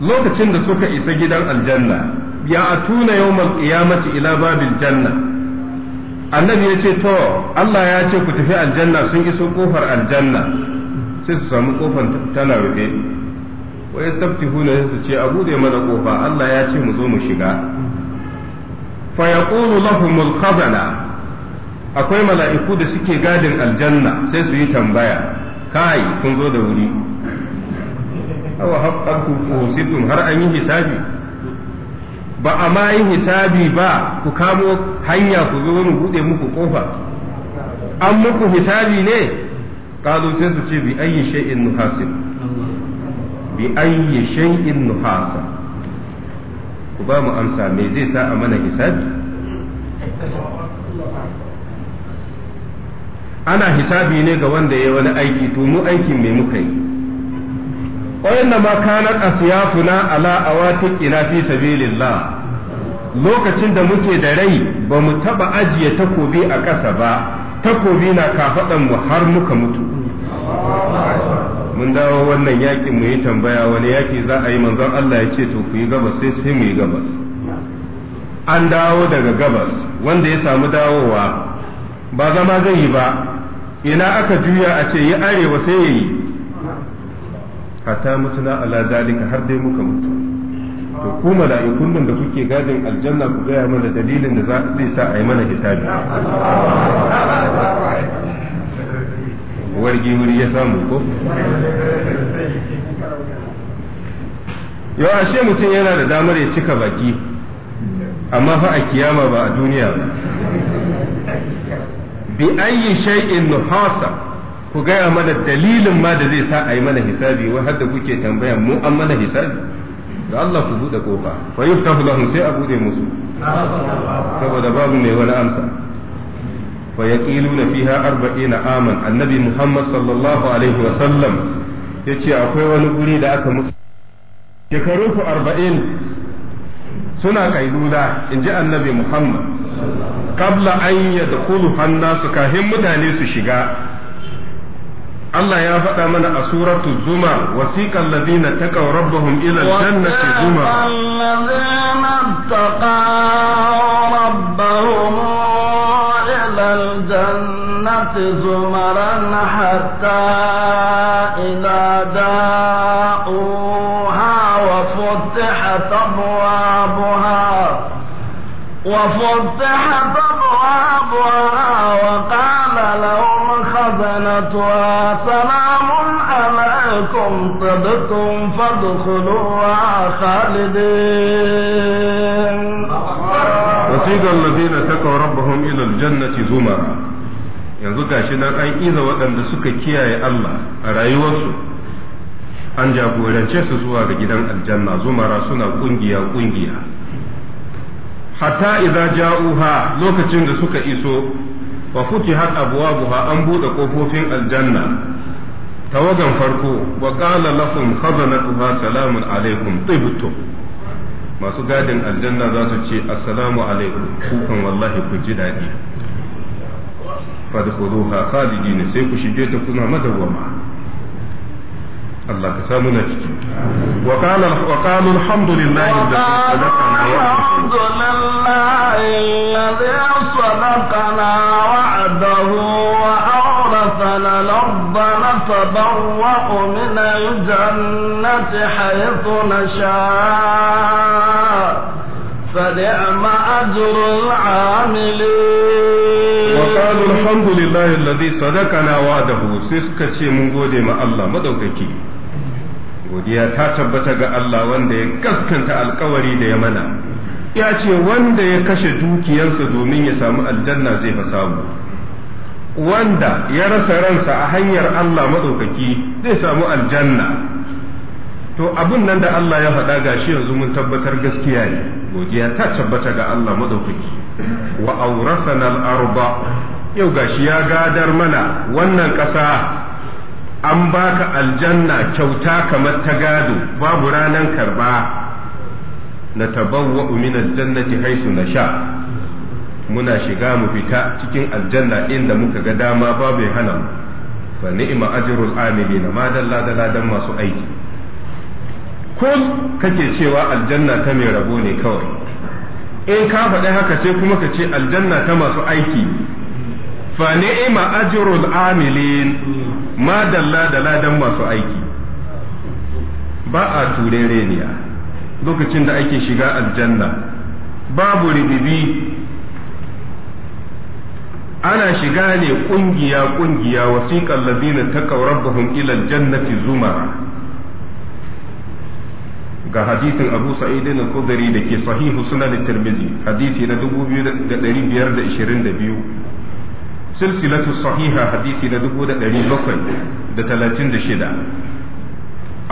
lokacin da suka isa gidan aljanna ya atuna yawmal qiyamati ila babil janna annabi ya ce to Allah ya ce ku tafi aljanna sun iso kofar aljanna sai su samu kofar tana rufe wa yastaftihuna su ce a bude mana kofa Allah ya ce mu zo mu shiga fa yaqulu lahumul khazana akwai mala'iku da suke gadin aljanna sai su yi tambaya kai kun zo da wuri awa haqqaku fusitum har an yi hisabi ba a ma yi hisabi ba ku kamo hanya ku zo mu bude muku kofa an muku hisabi ne kazo sai su ce bi ayyi shay'in nuhasib bi ayyi shay'in nuhasa ku ba mu amsa me zai sa a mana hisabi ana hisabi ne ga wanda ya wani aiki to mu aikin me muka yi makanar a kanat asyafuna ala awatiqina fi sabilillah lokacin da muke da rai ba mu taba ajiye takobi a ƙasa ba takobi na kafaɗan mu har muka mutu mun dawo wannan yakin mu yi tambaya wani yaki za a yi manzon Allah ya ce to ku yi gabas sai sai mu yi gabas an dawo daga gabas wanda ya samu dawowa ba zama zai yi ba ina aka juya a ce yi arewa sai ya yi mutu mutuna ala dalika har dai muka mutu to ku mala'ikun nan da kuke gadin aljanna ku gaya mana dalilin da za zai sa a yi mana hisabi wargi wuri ya samu ko yau ashe mutum yana da damar ya cika baki amma fa a kiyama ba a duniya ba bi an yi shay'in nuhasa ku gaya mana dalilin ma da zai sa a yi mana hisabi wai har da kuke tambayan mu an mana hisabi da Allah ku buɗe kofa fa yuftahu lahum sai a buɗe musu saboda babu ne wani amsa fa yaqiluna fiha arba'ina aman annabi Muhammad sallallahu alaihi wa sallam yace akwai wani guri da aka musu shekaru 40 suna kailula in ji annabi Muhammad qabla an yadkhulu hannasu kahin mutane su shiga Allah ya faɗa mana a suratu zuma wasiqal ladina taqaw rabbahum ila al-jannati zuma alladhina rabbahum ila al-jannati zumaran hatta idza da'uha wa futihat وسيق الذين اتقوا ربهم الى الجنه زمرا yanzu gashi nan an iza waɗanda suka kiyaye Allah a rayuwarsu an jagorance su zuwa ga gidan aljanna zumara suna kungiya kungiya hatta idza ja'uha lokacin da suka iso wa futihat abwabuha an buɗe kofofin aljanna tawagan farko wa qala lahum khazanatuha salamun alaikum tibtum masu gadin aljanna za su ce assalamu alaikum kukan wallahi ku ji daɗi fadkhuluha khalidin sai ku shige ta kuna madawwama Allah ka samu na ciki wa qala wa qala alhamdulillahi alladhi sadaqana wa'adahu ربنا تبوأ من الجنة حيث نشاء فنعم أجر العاملين وقالوا الحمد لله الذي صدقنا وعده سيسكتي من قولي ما الله مدوككي godiya ta tabbata ga Allah wanda ya gaskanta alkawari da ya mana ya ce wanda ya kashe dukiyansa domin ya samu aljanna zai fa samu wanda ya rasa ransa a hanyar Allah maɗaukaki zai samu aljanna to abin nan da Allah ya faɗa ga shi yanzu mun tabbatar gaskiya ne godiya ta tabbata ga Allah maɗaukaki wa aurasana al-arba yau shi ya gadar mana wannan ƙasa an baka aljanna kyauta kamar ta gado babu ranar karba na tabawwa min jannati haisu na sha muna shiga mu fita cikin aljanna inda muka ga dama babu ya hana mu fa ni'ma ajrul amilina ma dalla dalla dan masu aiki ko kake cewa aljanna ta mai rabo ne kawai in ka faɗi haka sai kuma ka ce aljanna ta masu aiki fa ni'ma ajrul amilin ma dalla dalla dan masu aiki ba a turereniya lokacin da ake shiga aljanna babu ribibi ana shiga ne kungiya kungiya wasiqal ladina taqaw rabbahum ila jannati zumara ga hadithin Abu Sa'id al-Khudri da ke sahihu sunan Tirmidhi hadithi na 2522 silsilatu sahiha hadithi na 1736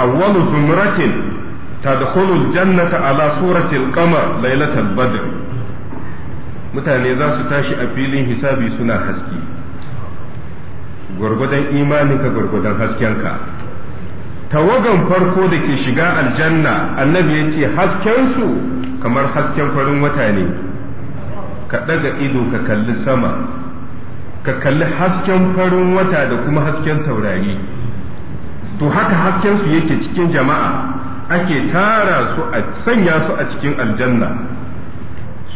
awwalu zumratin tadkhulu al-jannata ala surati al-qamar laylatal badr mutane za su tashi a filin hisabi suna haske gwargwadon imaninka gwargwadon haskenka tawagan farko da ke shiga aljanna annabi ya ce haskensu kamar hasken farin wata ne ka ɗaga ido ka kalli sama ka kalli hasken farin wata da kuma hasken taurari to haka haskensu yake cikin jama'a ake tara su a sanya su a cikin aljanna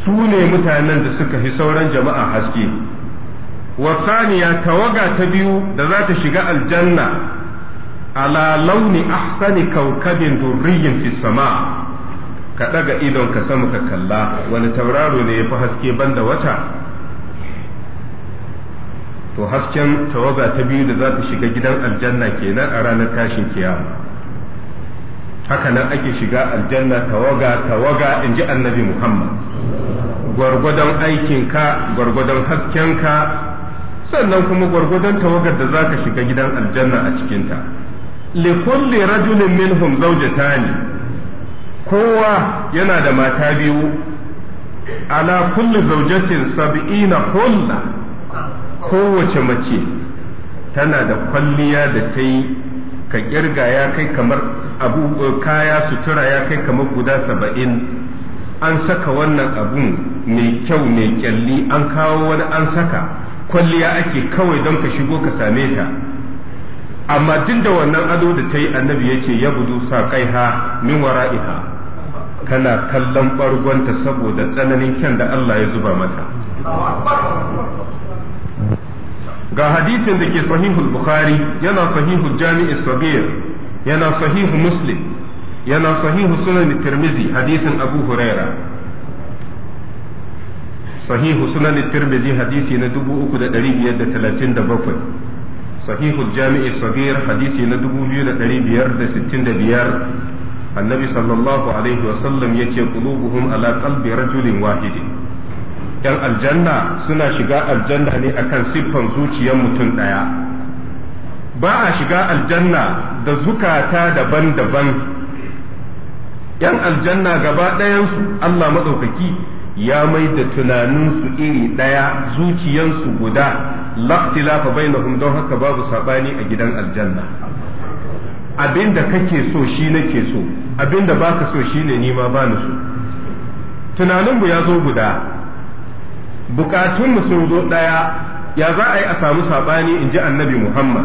su ne mutanen da suka fi sauran jama'a haske wasaniya tawaga ta biyu da za ta shiga aljanna ala launi ahsani kaukabin durriyin fi sama ka daga idon ka sama ka kalla wani tauraro ne ya fi haske banda wata to hasken tawaga ta biyu da za ta shiga gidan aljanna kenan a ranar tashin kiyama haka nan ake shiga aljanna tawaga tawaga in ji annabi muhammad gwargwadon aikinka gwargwadon haskenka sannan kuma gwargwadon tawagar da za ka shiga gidan aljanna a cikinta likulli rajulin minhum ne. kowa yana da mata biyu ala kulli zawjatin sab'ina hulla kowace mace tana da kwalliya da ta yi ka kirga ya kai kamar abu kaya sutura ya kai kamar guda saba'in an saka wannan abun mai kyau mai kyalli an kawo wani an saka kwalliya ake kawai don ka shigo ka same ta amma duk da wannan ado da ta yi annabi ya ce ya budu sa ha min wara'iha kana kallon bargonta saboda tsananin kyan da Allah ya zuba mata ga hadisin da ke sahihul bukhari yana sahihul jami'is sabir yana sahihu muslim yana sahihu sunan tirmizi hadisin abu huraira sahihu sunan tirmidhi hadisi na 3537 sahihu jami'i sagir hadisi na 2565 annabi sallallahu alaihi wasallam yace qulubuhum ala qalbi rajulin wahidin yan aljanna suna shiga aljanna ne akan siffan zuciyar mutum ɗaya. ba a shiga aljanna da zukata daban-daban yan aljanna gaba ɗayansu Allah maɗaukaki ya mai da tunaninsu iri ɗaya zuciyansu guda laftilafa bainahum don haka babu saɓani a gidan aljanna abinda kake so shi nake so abinda baka so shi ne ni ma ni so tunaninmu ya zo guda bukatunmu sun zo ɗaya ya za a yi a samu saɓani in ji annabi muhammad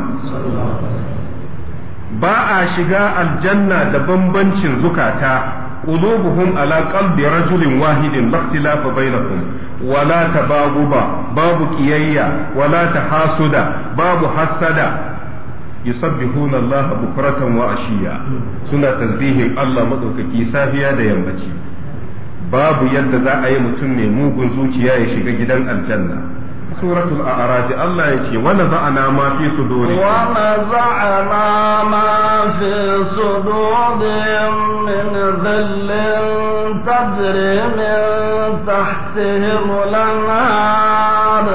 ba a shiga aljanna da bambancin zukata قلوبهم على قلب رجل واحد لا اختلاف بينكم ولا تباغض باب كيية ولا تحاسد باب حسد يسبحون الله بكرة وعشية سنة تسبيح الله مدوككي سافيا دا يمبتي باب yadda za a yi mutum mai mugun zuciya ya shiga سورة الأعراج الله يجي ونزعنا ما في صدورهم ونزعنا ما في صدورهم من ذل تجري من تحتهم الأنهار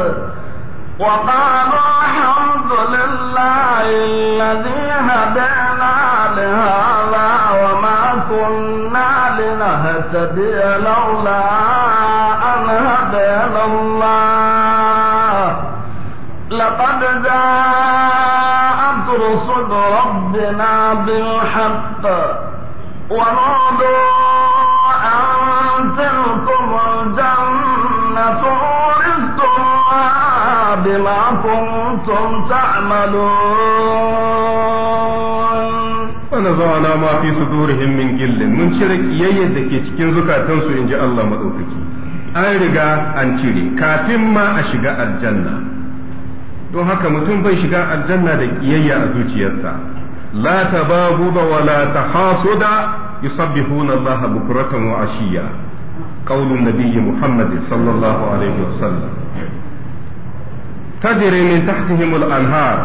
وقالوا الحمد لله الذي هدانا لهذا وما كنا لنهتدي لولا بالحق ونودوا أن تلكم الجنة أورثتموها بما كنتم تعملون ونزعنا ما في صدورهم من قل من شرك ييدك ke cikin zukatansu in ji Allah maɗaukaki an riga an cire kafin ma a shiga aljanna don haka mutum bai shiga aljanna da kiyayya a zuciyarsa la tabaguda wa la tahasuda yusabbihuna Allah bukratan wa ashiya qaulun nabiyyi Muhammad sallallahu alaihi wasallam tajri min tahtihim al-anhar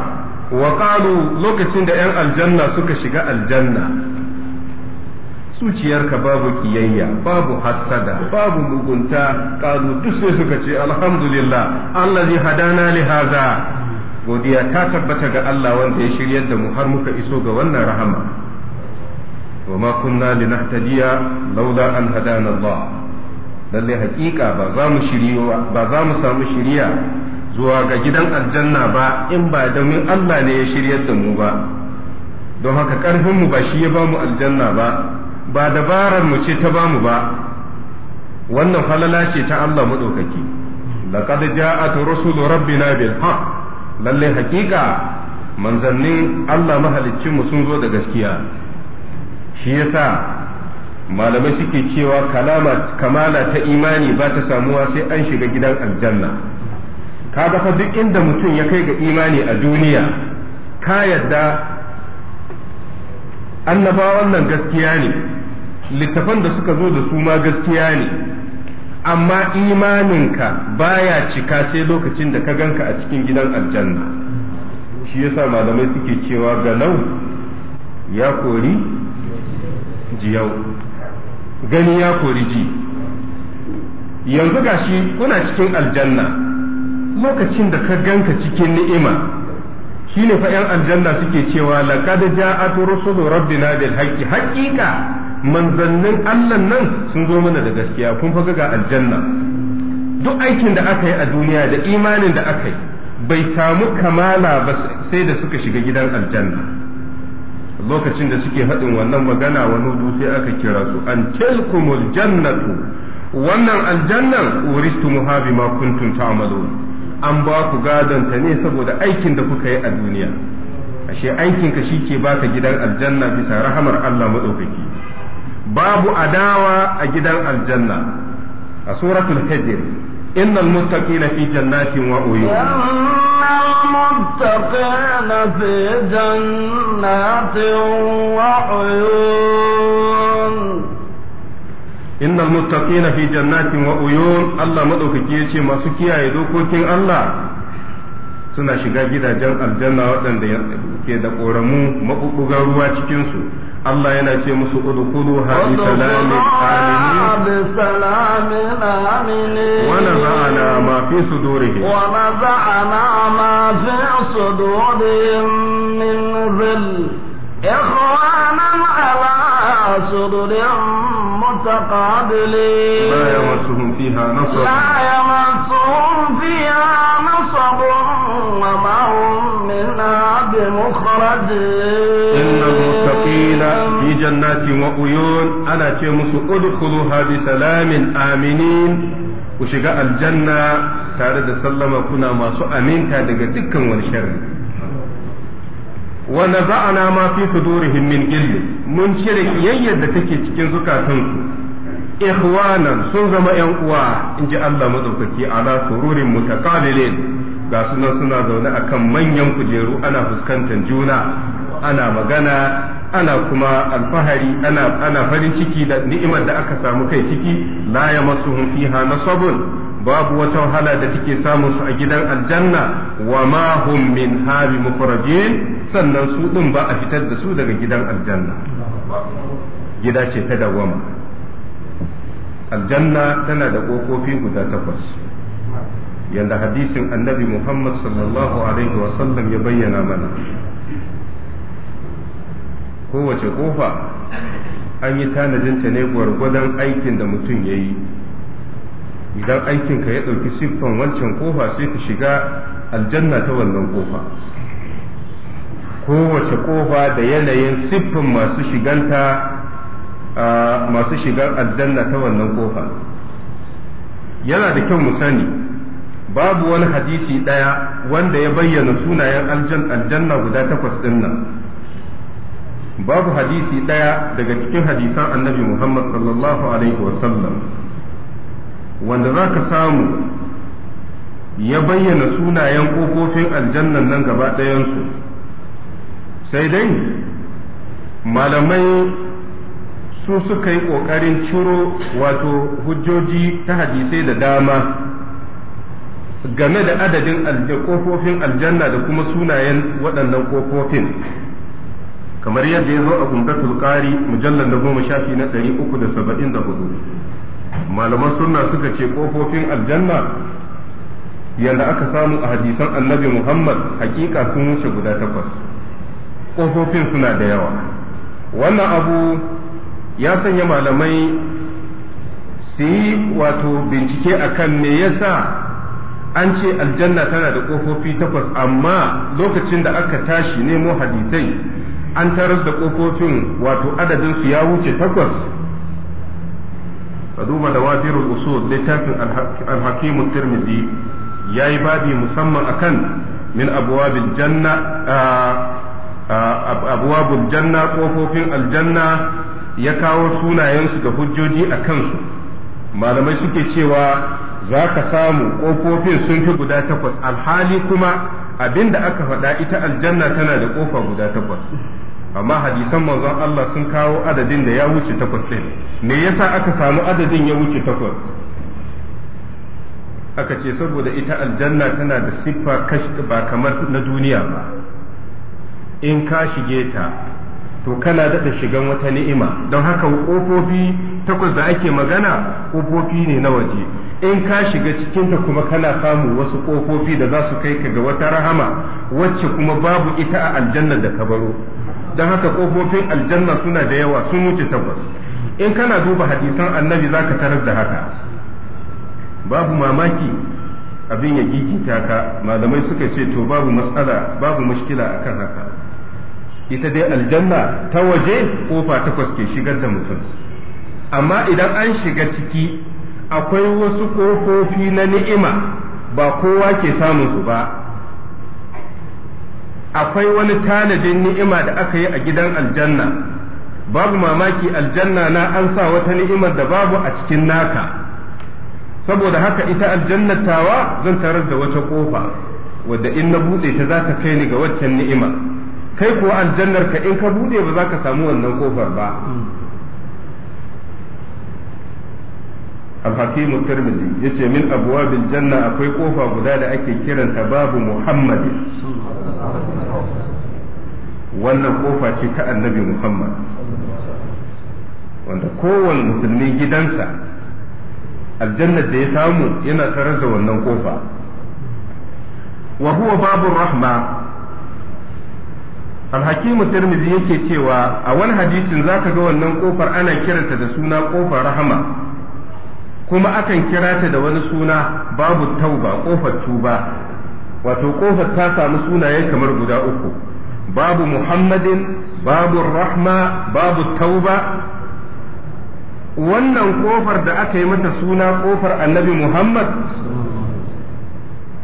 wa qalu lokacin da yan aljanna suka shiga aljanna zuciyarka babu kiyayya babu hassada babu mugunta ƙaru duk sai suka ce alhamdulillah allazi hadana li lihaza. godiya ta tabbata ga Allah wanda ya shiryar da mu har muka iso ga wannan rahama wa ma kunna linahtadiya laula an hadana Allah lalle hakika ba za mu ba za mu samu shiriya zuwa ga gidan aljanna ba in ba domin Allah ne ya shiryar da mu ba don haka karfin mu ba shi ya bamu aljanna ba ba dabarar mu ce ta bamu ba wannan falala ce ta Allah madaukaki laqad ja'at rusulu rabbina bil haqq lalle hakika manzannin Allah mahalicci mu sun zo da gaskiya shi yasa malamai suke cewa kalama kamala ta imani ba ta samuwa sai an shiga gidan aljanna ka fa duk inda mutum ya kai ga imani a duniya ka yadda annabawan nan gaskiya ne littafan da suka zo da su ma gaskiya ne amma imaninka baya cika sai lokacin da ka ganka a cikin gidan aljanna shi yasa malamai suke cewa ganau ya kori jiyau gani ya kori ji yanzu gashi kuna cikin aljanna lokacin da ka ganka cikin ni'ima shine fa yan aljanna suke cewa laqad ja'at rusulu rabbina bil haqqi haqiqa manzannin Allah nan sun zo mana da gaskiya kun faga ga aljanna duk aikin da aka yi a duniya da imanin da aka yi bai samu kamala ba sai da suka shiga gidan aljanna lokacin da suke haɗin wannan magana wani dutse aka kira su an tilkumul jannatu wannan aljannan uristu muhabi ma kuntum ta'malun an ba ku gadon ta ne saboda aikin da kuka yi a duniya ashe aikin ka shike baka gidan aljanna bisa rahamar Allah madaukaki باب أداوة أجد الجنة سورة الحجر إن المتقين في جنات وعيون إن المتقين في جنات وعيون إن المتقين في جنات وعيون الله مدوك جيشي ما سكيا يدوكو الله suna shiga gidajen aljanna waɗanda ke da ƙoramu maɓuɓɓugar ruwa cikinsu Allah yana ce musu udkhulu ha bi salamin aminin wa naza'ana ma fi sudurihim wa naza'ana ma fi sudurihim min zill ikhwanan ala sudurin mutaqabilin la yamassuhum fiha nasab la yamassuhum inan mutafinna bijanna ce musu udu kuluha bi ku shiga aljanna tare da sallama kuna masu aminta daga dukkan wani shari. wanda za a nama fi su dora himmin gilbi mun cire iyayenda da take cikin zukatun ku sun zama yan uwa in ji allah maza ala sururin mu tafa ga sunan suna zaune a kan manyan kujeru ana fuskantar juna ana magana ana kuma alfahari ana farin ciki da ni'imar da aka samu kai ciki la yamassuhum fiha sabon babu wata wahala da take samun su a gidan aljanna wa ma hum min habi mufarajin sannan su din ba a fitar da su daga gidan aljanna gida ce ta dawama aljanna tana da kofofi guda takwas yadda hadisin annabi Muhammad sallallahu alaihi wasallam ya bayyana mana kowace kofa an yi tanadinta ne gwargwadon aikin da mutum ya yi idan aikinka ya ɗauki siffan wancan kofa sai ka shiga aljanna ta wannan kofa kowace kofa da yanayin siffan masu shiganta masu shigar aljanna ta wannan kofa yana da kyau mu sani babu wani hadisi ɗaya wanda ya bayyana sunayen aljanna guda takwas ɗin nan babu hadisi ɗaya daga cikin hadisan annabi muhammad sallallahu alaihi sallam wanda za ka samu ya bayyana sunayen ƙofofin aljannan nan gaba ɗayansu sai dai malamai su suka yi ƙoƙarin ciro wato hujjoji ta hadisai da dama game da adadin kofofin aljanna da kuma sunayen waɗannan kofofin kamar yadda ya zo a kumdatul tulƙari mujallar da goma shafi na ɗari uku da saba'in da hudu malaman sunna suka ce kofofin aljanna yadda aka samu a hadisan annabi muhammad hakika sun wuce guda takwas kofofin suna da yawa wannan abu ya sanya malamai su yi wato bincike akan me yasa an ce aljanna tana da kofofi takwas amma lokacin da aka tashi nemo hadisai an taras da kofofin wato adadin su ya wuce takwas duba da wafirul usul littafin alhakimu tirmidhi yi babi musamman akan min abuwabin janna janna kofofin aljanna ya kawo sunayensu ga hujjoji a kansu malamai suke cewa za ka samu ƙofofin sun fi guda takwas alhali kuma abinda aka faɗa ita aljanna tana da ƙofa guda takwas amma hadisan manzon Allah sun kawo adadin da ya wuce takwas ɗin me yasa aka samu adadin ya wuce takwas aka ce saboda ita aljanna tana da siffa kashi ba kamar na duniya ba in ka shige ta to kana daɗa shigan wata ni'ima don haka ƙofofi takwas da ake magana ƙofofi ne na waje in ka shiga cikinta kuma kana samu wasu ƙofofi da za su kai ka ga wata rahama wacce kuma babu ita a aljanna da ka baro don haka ƙofofin aljanna suna da yawa sun wuce tabbas in kana duba hadisan annabi za ka tarar da haka babu mamaki abin ya gigita ka malamai suka ce to babu matsala babu mushkila akan haka ita dai aljanna ta waje kofa takwas ke shigar da mutum amma idan an shiga ciki akwai wasu ƙofofi na ni'ima ba kowa ke samun su ba akwai wani tanadin ni'ima da aka yi a gidan aljanna babu mamaki aljanna na an sa wata ni'imar da babu a cikin naka saboda haka ita aljannatawa zan tarar da wata ƙofa wadda in na buɗe ta za ta kai ni ga waccan ni'ima kai kuwa aljannarka in ka buɗe ba za ka samu wannan ƙofar ba الحكيم الترمذي يتي من أبواب الجنة أكوي قوفا بدالة أكي كيران باب محمد wannan kofa ce ta annabi Muhammad wanda kowane musulmi gidansa aljannar da ya samu yana tarar da wannan kofa wa huwa babur rahma alhakimu tirmidhi yake cewa a wani hadisin zaka ga wannan kofar ana kiranta da suna kofar rahama kuma akan kira ta da wani suna babu tauba kofar tuba wato kofar ta samu sunaye kamar guda uku babu muhammadin babu rahma babu tauba wannan kofar da aka yi mata suna kofar annabi muhammad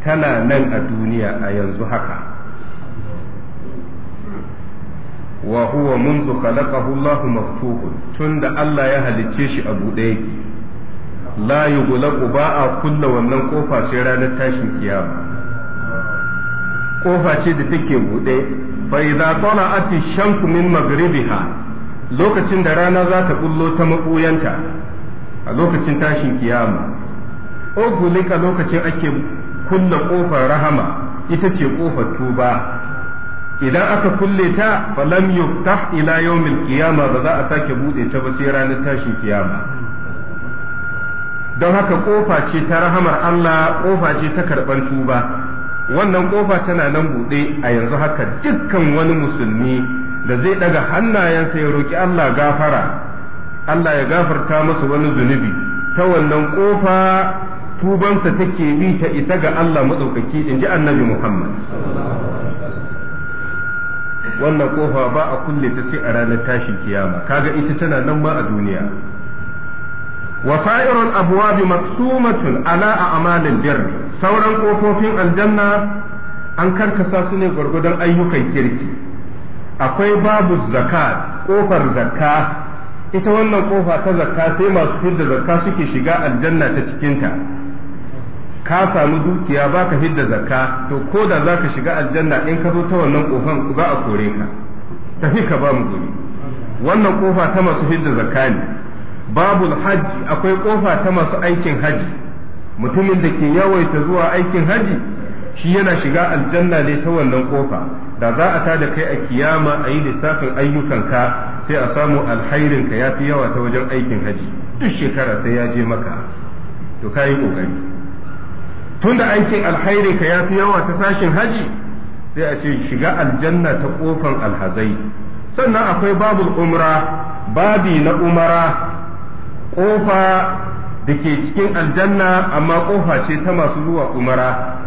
tana nan a duniya a yanzu haka wa huwa منذ خلقه الله مفتوح tunda Allah ya halicce shi a buɗe la yughlaqu ba a kulla wannan kofa sai ranar tashin kiyama kofa ce da take bude fa idza tala'at ash-shamsu min maghribiha lokacin da rana za ta bullo ta mabuyanta a lokacin tashin kiyama ogulika lokacin ake kulla kofar rahama ita ce kofar tuba idan aka kulle ta falam yuftah ila yawmil qiyama ba za a sake bude ta ba sai ranar tashin kiyama don haka ƙofa ce ta rahamar Allah ƙofa ce ta karɓar tuba wannan ƙofa tana nan buɗe a yanzu haka dukkan wani musulmi da zai ɗaga hannayensa ya roƙi Allah gafara Allah ya gafarta masa wani zunubi ta wannan ƙofa tubansa take bi ta isa ga Allah maɗaukaki in ji annabi Muhammad wannan ƙofa ba a kulle ta sai a ranar tashin kiyama kaga ita tana nan ma a duniya wa sa'irul abwab maqsumatun ala a'malil birr sauran kofofin aljanna an karkasa su ne gwargwadon ayyukan kirki akwai babu zakat kofar zakka ita wannan kofa ta zakka sai masu hidda zakka suke shiga aljanna ta cikinta ka samu dukiya ba ka fidda zakka to ko da za ka shiga aljanna in ka zo ta wannan kofan za a kore ka tafi ka ba mu guri wannan kofa ta masu hidda zakka ne babul hajji akwai kofa ta masu aikin haji mutumin da ke yawaita zuwa aikin haji shi yana shiga aljanna ne ta wannan kofa da za a tada kai a kiyama a yi lissafin ayyukanka sai a samu alhairin ka ya fi yawa ta wajen aikin haji duk shekara sai ya je maka to ka yi kokari tunda aikin alhairin ka ya fi yawa ta sashin haji sai a ce shiga aljanna ta kofan alhazai sannan akwai babul umra babi na umara kofa da ke cikin aljanna amma kofa ce ta masu zuwa umara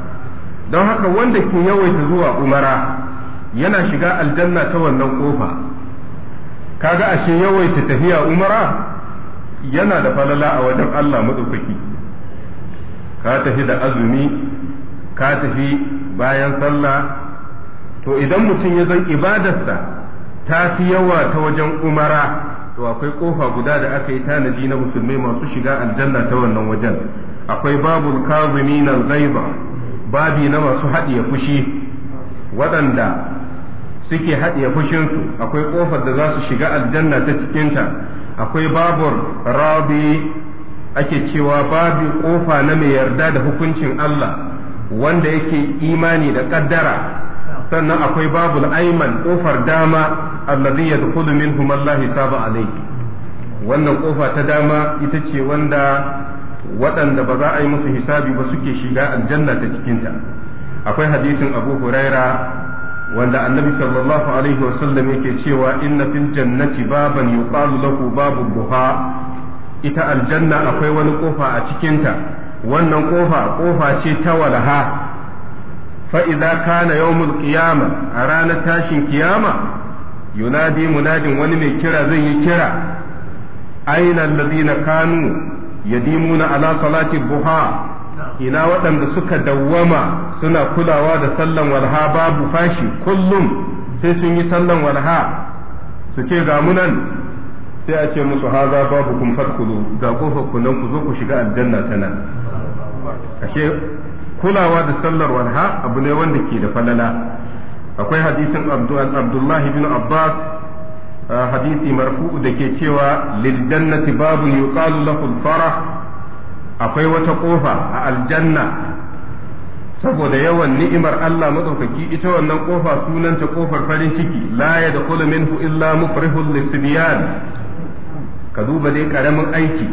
don haka wanda ke yawaita zuwa umara yana shiga aljanna ta wannan kofa kaga ashe yawaita tafiya umara yana da falala a wajen Allah maɗaukaki ka tafi da azumi ka tafi bayan sallah to idan mutum ya zan ibadarsa ta fi yawa ta wajen umara to akwai kofa guda da aka yi tanadi na musulmai masu shiga aljanna ta wannan wajen akwai babul kazimin al-ghaiba babi na masu haɗiye fushi waɗanda suke haɗiye fushinsu akwai kofar da za su shiga aljanna ta cikinta akwai babur rabi ake cewa babi kofa na mai yarda da hukuncin Allah wanda yake imani da kaddara sannan akwai babul aiman kofar dama allazi yadkhulu minhu man la hisaba alayhi wannan kofa ta dama ita ce wanda waɗanda ba za a yi musu hisabi ba suke shiga aljanna ta cikinta akwai hadisin abu huraira wanda annabi sallallahu alaihi wasallam yake cewa inna fil jannati baban yuqalu lahu babu buha ita aljanna akwai wani kofa a cikinta wannan kofa kofa ce ta walaha fa idza kana yawmul qiyama a ranar tashin kiyama yunadi munadin wani mai kira zai yi kira aina allazina kanu yadimuna ala salati buha ina waɗanda suka dawwama suna kulawa da sallan walha babu fashi kullum sai sun yi sallan walha su ce ga munan sai a ce musu haza babu kun fatkulu ga kofar ku nan ku zo ku shiga aljanna ta nan kulawa da sallar walha abu ne wanda ke da falala akwai hadisin abdullahi bin abbas hadisi marfu da ke cewa lil jannati babu yuqalu lahu farah akwai wata kofa a aljanna saboda yawan ni'imar Allah madaukaki ita wannan kofa sunanta kofar farin ciki la yadkhulu minhu illa mufrihul lisbiyan ka duba dai karamin aiki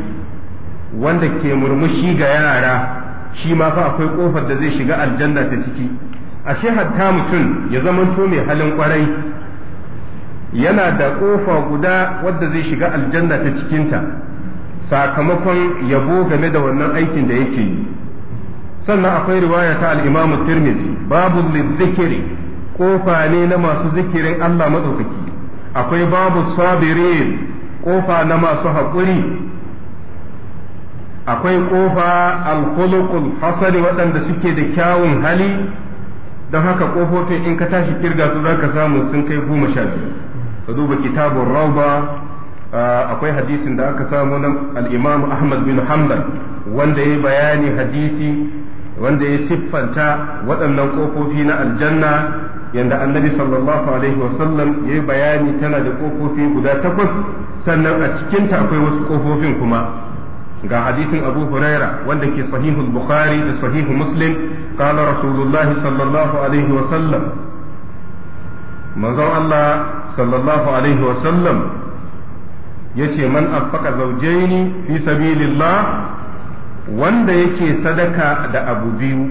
wanda ke murmushi ga yara shi ma fa akwai kofar da zai shiga aljanna ta ciki ashe hatta mutum ya zamanto mai halin kwarai yana da kofa guda wadda zai shiga aljanna ta cikinta sakamakon yabo game da wannan aikin da yake yi sannan akwai riwaya ta al-Imam Tirmidhi babu Zikiri kofa ne na masu zikirin Allah madaukaki akwai babu sabirin kofa na masu haƙuri akwai kofa alkhuluqul hasari waɗanda suke da kyawun hali don haka kofofin in ka tashi kirga su zaka samu sun kai goma sha biyu ka duba kitabun rauba akwai hadisin da aka samu na al-imam ahmad bin hanbal wanda ya bayani hadisi wanda ya siffanta waɗannan kofofi na aljanna yanda annabi sallallahu alaihi wasallam ya yi bayani tana da kofofi guda takwas sannan a cikinta akwai wasu kofofin kuma ga hadisin abu huraira wanda ke sahihul bukhari da sahihu muslim kala rasulullahi sallallahu alaihi wa sallam manzon Allah sallallahu alaihi wa sallam yace man affaka zawjaini fi sabilillah wanda yake sadaka da abu biyu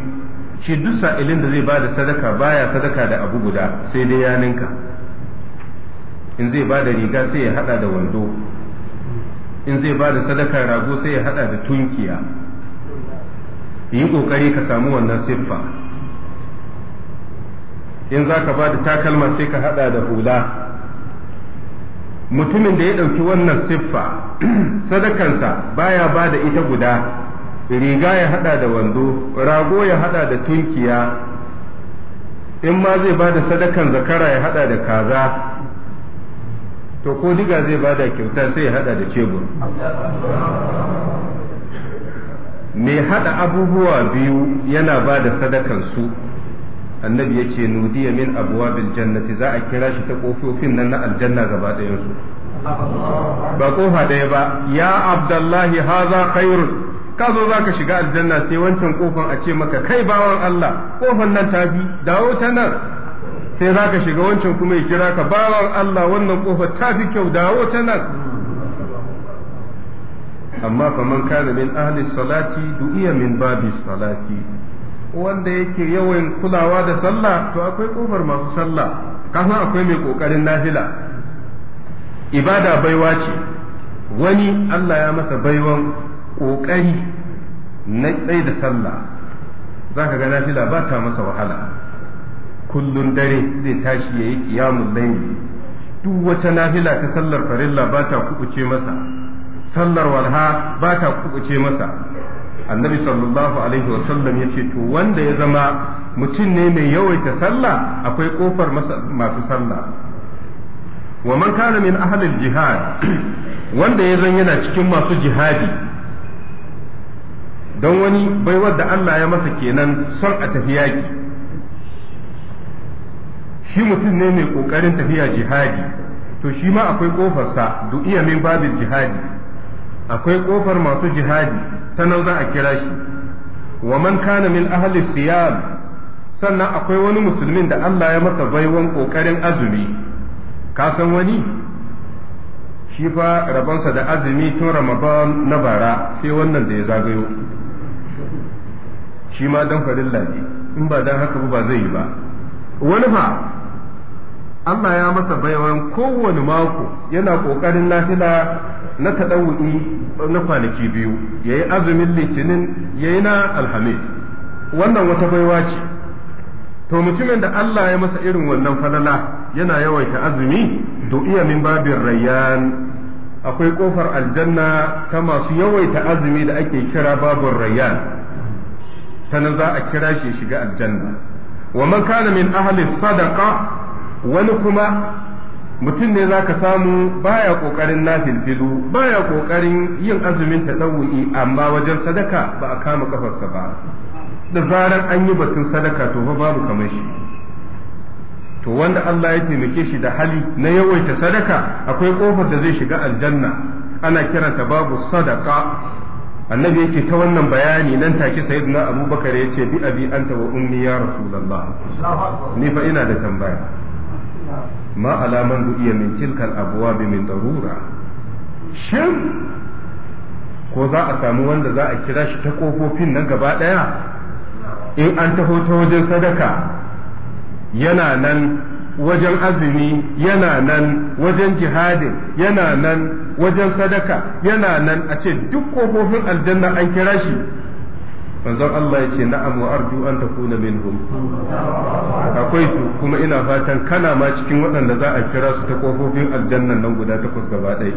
shi duk sa'ilin da zai ba da sadaka baya sadaka da abu guda sai dai yaninka in zai ba da riga sai ya hada da wando in zai ba da sadaka rago sai ya hada da tunkiya yi kokari ka samu wannan siffa in za ka ba da takalma sai ka hada da hula mutumin da ya ɗauki wannan siffa sadakansa baya ba da ita guda riga ya hada da wando rago ya hada da tunkiya in ma zai ba da sadakan zakara ya hada da kaza to ko diga zai bada kyauta sai ya hada da cebur mai hada abubuwa biyu yana ba da sadakansu annabi ya ce nudiya min abwabil jannati za a kira shi ta kofofin nan na aljanna gaba ɗayansu ba kofa ɗaya ba ya abdullahi haza khairun ka zo za ka shiga aljanna sai wancan kofan a ce maka kai bawan Allah kofan nan ta bi dawo ta nan sai za ka shiga wancan kuma ya kira ka bawan Allah wannan kofar ta fi kyau dawo ta nan amma faman kana min ahli salati du'iya min babi salati wanda yake yawan kulawa da sallah to akwai kofar masu sallah kasan akwai mai kokarin nafila ibada baiwa ce wani Allah ya masa baiwan kokari na tsaye da sallah zaka ga nafila ba ta masa wahala kullun dare zai tashi ya yi kiyamun laini duk wata nafila ta sallar farilla ba ta kubuce masa sallar walha ba ta kubuce masa annabi sallallahu alaihi wa sallam yace to wanda ya zama mutum ne mai yawaita salla, akwai kofar masu salla. wa man kana min ahlil jihad wanda ya zan yana cikin masu jihadi don wani baiwar da Allah ya masa kenan son a tafi yaki shi mutum ne mai kokarin tafiya jihadi to shi ma akwai kofarsa du'iya min babin jihadi akwai kofar masu jihadi sanan za a kira shi wa man kana min ahli siyam sannan akwai wani musulmin da Allah ya masa baiwan kokarin azumi ka san wani shi fa rabonsa da azumi tun ramadan na bara sai wannan da ya zagayo shi ma dan farilla ne in ba dan haka ba zai yi ba wani fa Allah ya masa baiwan kowane mako yana ƙoƙarin nafila na taɗawu'i na kwanaki biyu ya yi azumin litinin ya yi na alhamis wannan wata baiwa ce to mutumin da Allah ya masa irin wannan falala yana yawaita azumi to iya min babin rayyan akwai ƙofar aljanna ta masu yawaita azumi da ake kira babin rayyan Tana za a kira shi shiga aljanna wa man kana min ahli sadaqa wani kuma mutum ne za ka samu baya kokarin nafilfilu baya kokarin yin azumin tasawu'i amma wajen sadaka ba a kama ƙafarsa ba da zarar an yi batun sadaka to fa babu kamar shi to wanda Allah ya taimake shi da hali na yawaita sadaka akwai ƙofar da zai shiga aljanna ana kiranta babu sadaka annabi yake ta wannan bayani nan take sayyidina abubakar ya ce bi abi anta wa ummi ya rasulullah ni fa ina da tambaya ma alaman du'iya min tilkal abuwa min darura shin ko za a samu wanda za a kira shi ta kofofin nan gaba ɗaya in an taho ta wajen sadaka yana nan wajen azumi yana nan wajen jihadin yana nan wajen sadaka yana nan a ce duk kofofin aljanna an kira shi manzon Allah ya ce na'am wa arju an takuna minhum akwai su kuma ina fatan kana ma cikin waɗanda za a kira su ta kofofin aljannan nan guda takwas gaba ɗaya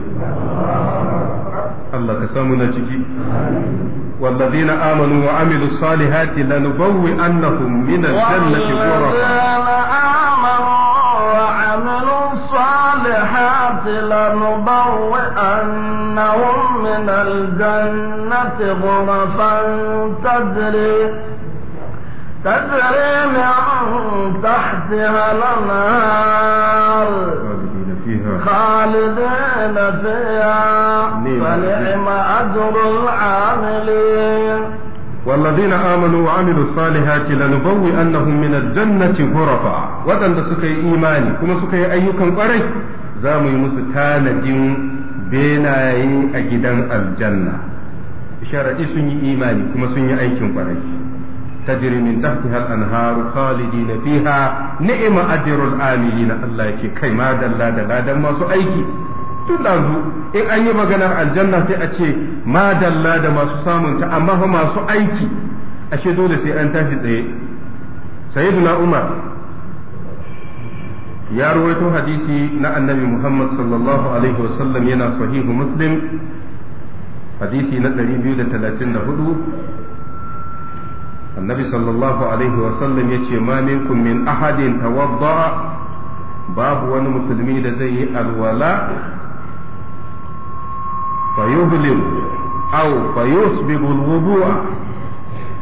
Allah ka samu na ciki والذين آمنوا وعملوا الصالحات لنبوئنهم من الجنة غرفا وعملوا الصالحات لنبوئنهم من الجنة غرفا تجري تجري من تحتها الأنهار خالدين فيها نعم. فنعم أجر العاملين والذين آمنوا وعملوا الصالحات لنبوئنهم من الجنة غرفا وذن سكي إيماني كما سكي أيكم قري زامي مستانا جن بيناي أجدا الجنة إشارة سني إيماني كما سني أيكم قري تجري من تحتها الأنهار خالدين فيها نعم أجر العاملين الله يكي كي ما دلا دلا دلا ما سو أيكي tun ɗazu in an yi maganar aljanna sai a ce ma dalla da masu samunta amma fa masu aiki ashe dole sai an tashi tsaye sayyiduna umar ya ruwaito hadisi na annabi muhammad sallallahu alaihi wasallam yana sahihu muslim hadisi na 234 annabi sallallahu alaihi wasallam ya ce ma minkum min ahadin tawadda babu wani musulmi da zai yi alwala fayublim aw fayusbigu alwudu'a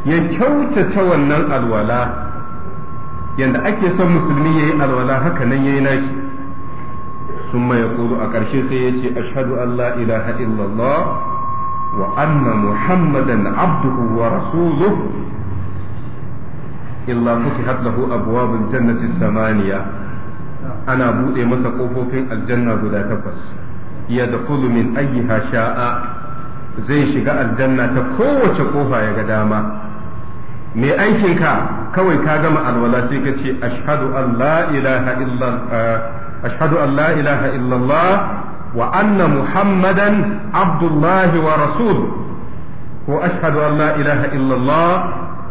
ya kyautata wannan alwala yanda ake son musulmi yayi alwala haka nan yayi nashi summa yaqulu a ƙarshe sai ya ce ashhadu an la ilaha illallah wa anna muhammadan abduhu wa rasuluhu illa futihat lahu abwabul jannati samaniya ana buɗe masa ƙofofin aljanna guda takwas ya dafulu min ayyiha sha'a zai shiga aljanna ta kowace kofa ya ga dama mai aikin ka kawai ka gama alwala sai ka ce ashhadu an la ilaha illa eh, ashhadu an la ilaha illallah wa anna muhammadan abdullahi wa rasul ko ashhadu an la ilaha illallah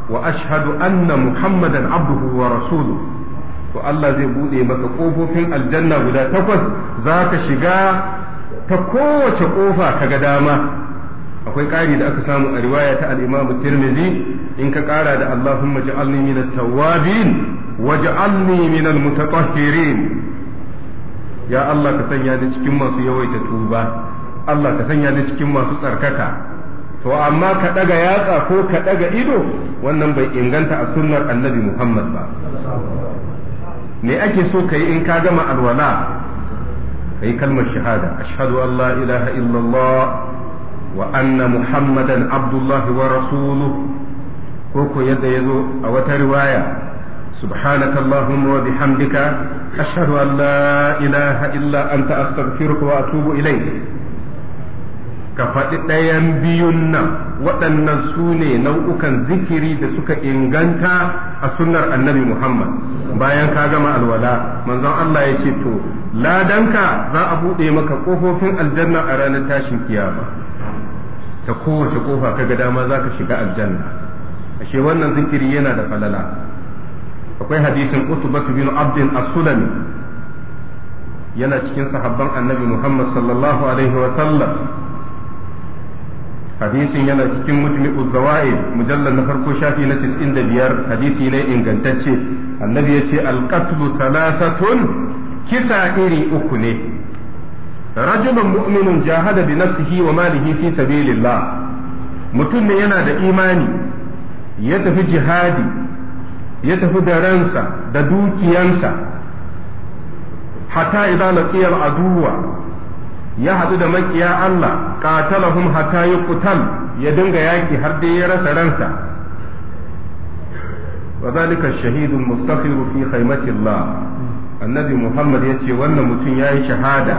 wa ashhadu anna muhammadan abduhu wa rasul to Allah zai bude maka kofofin aljanna guda takwas za ka shiga ta kowace kofa ka ga dama akwai ƙari da aka samu a riwaya ta al’imamu tirmizi in ka ƙara da Allahumma ja'alni min tawabin waje waj'alni min ya Allah ka sanya ni cikin masu yawaita tuba Allah ka sanya ni cikin masu tsarkaka to amma ka ɗaga yatsa ko ka ɗaga ido wannan bai inganta a sunnar annabi Muhammad ba me ake so ka yi in ka gama alwala هي كلمة شهادة أشهد أن لا إله إلا الله وأن محمدا عبد الله ورسوله كوكو يد يدو أو رواية سبحانك اللهم وبحمدك أشهد أن لا إله إلا أنت أستغفرك وأتوب إليك ka faɗi ɗayan biyun nan waɗannan su ne nau'ukan zikiri da suka inganta a sunnar annabi Muhammad bayan ka gama alwala manzon Allah ya ce to ladanka za a buɗe maka ƙofofin aljanna a ranar tashin kiyama ta kowace ƙofa ga dama za ka shiga aljanna ashe wannan zikiri yana da falala akwai hadisin utubatu bin abdin as-sulami yana cikin sahabban annabi Muhammad sallallahu alaihi wa sallam hadisin yana cikin mutumi uzawaid mujallar na farko shafi na biyar hadisi ne ingantacce annabi ya ce alqatlu salasatun kisa iri uku ne rajulun mu'minin jahada bi nafsihi wa malihi fi sabilillah mutum ne yana da imani ya tafi jihadi ya tafi da ransa da dukiyansa hatta idan laqiya al-aduwa ya haɗu da makiya Allah qatalahum hatta yuqtal ya dinga yaki har dai ya rasa ransa wa zalika shahidul mustakhiru fi khaymatillah annabi Muhammad yace wannan mutum yayi shahada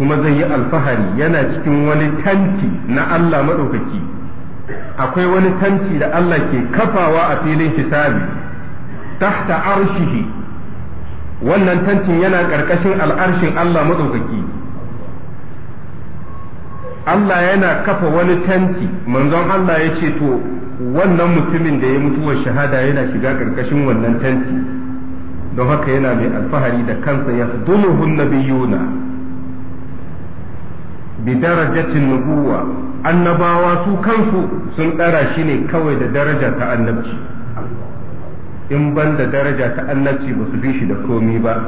kuma zai yi alfahari yana cikin wani tanti na Allah madaukaki akwai wani tanti da Allah ke kafawa a filin hisabi tahta arshihi wannan tantin yana ƙarƙashin al'arshin Allah madaukaki Allah yana kafa wani tanti manzon Allah ya ce to wannan mutumin da ya mutuwar shahada yana shiga karkashin wannan tanti don haka yana mai alfahari da kansa ya duluhun nabiyuna bi darajatin nubuwa annabawa su kansu sun ɗara shi ne kawai da daraja ta annabci in ban da daraja ta annabci ba su bi shi da komi ba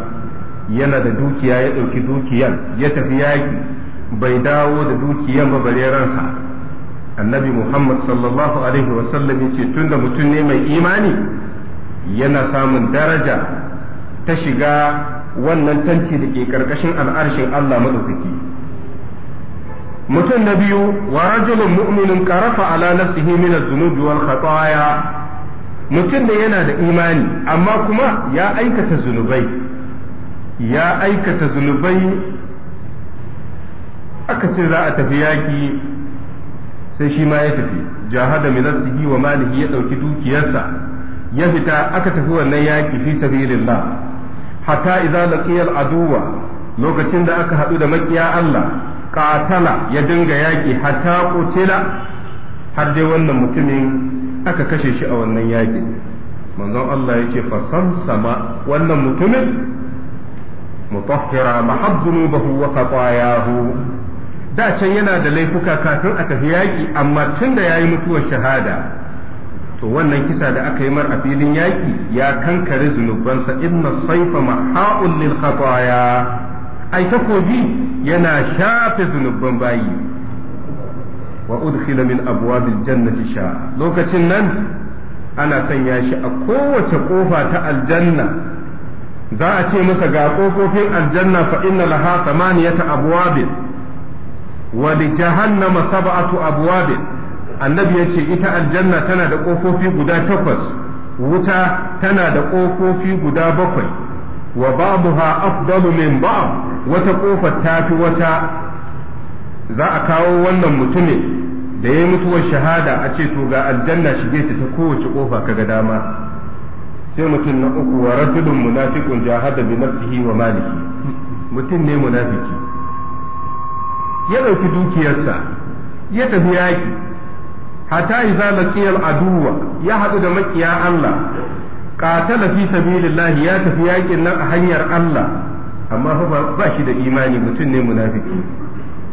yana da dukiya ya ɗauki dukiyan ya tafi yaƙi bai dawo da dukiyan ba bare ransa annabi muhammad sallallahu alaihi wasallam ya ce tunda mutum ne mai imani yana samun daraja ta shiga wannan tanti da ke karkashin al'arshin allah maɗaukaki mutum na biyu wa rajulun mu'minun karafa ala nafsihi min az-zunubi wal khataaya mutum da yana da imani amma kuma ya aikata zunubai ya aikata zunubai aka ce za a tafi yaƙi sai shi ma ya tafi jahada min nafsihi wa malihi ya dauki dukiyarsa ya fita aka tafi wannan yaki fi sabilillah hatta idza laqiya al-aduwa lokacin da aka hadu da makiya Allah qatala ya dinga yaki hatta qutila har dai wannan mutumin aka kashe shi a wannan yaki manzon Allah yake fa wannan mutumin mutahhira mahabzunubahu wa qatayahu da can yana da laifuka kafin a tafi yaƙi amma tun da ya yi mutuwar shahada to wannan kisa da aka yi mar a filin yaƙi ya kankare zunubansa inna saifa maha'un lil khataya ai takobi yana shafe zunuban bayi wa udkhila min abwabil jannati sha lokacin nan ana sanya shi a kowace kofa ta aljanna za a ce masa ga kofofin aljanna fa inna laha samaniyata abwabil wa li jahannama sab'atu abwab annabi yace ita aljanna tana da kofofi guda takwas wuta tana da kofofi guda bakwai wa ba'daha afdalu min ba'd wata kofar tafi wata za a kawo wannan mutumin da ya mutuwar shahada a ce to ga aljanna shige ta ta kowace kofa kaga dama sai mutum na uku wa rajulun munafiqun jahada bi nafsihi wa malihi mutum ne munafiki ya ɗauki dukiyarsa ya tafi yaki hatta iza laqiyal aduwa ya haɗu da makiya Allah qatala fi sabilillahi ya tafi yakin nan a hanyar Allah amma fa ba shi da imani mutum ne munafiki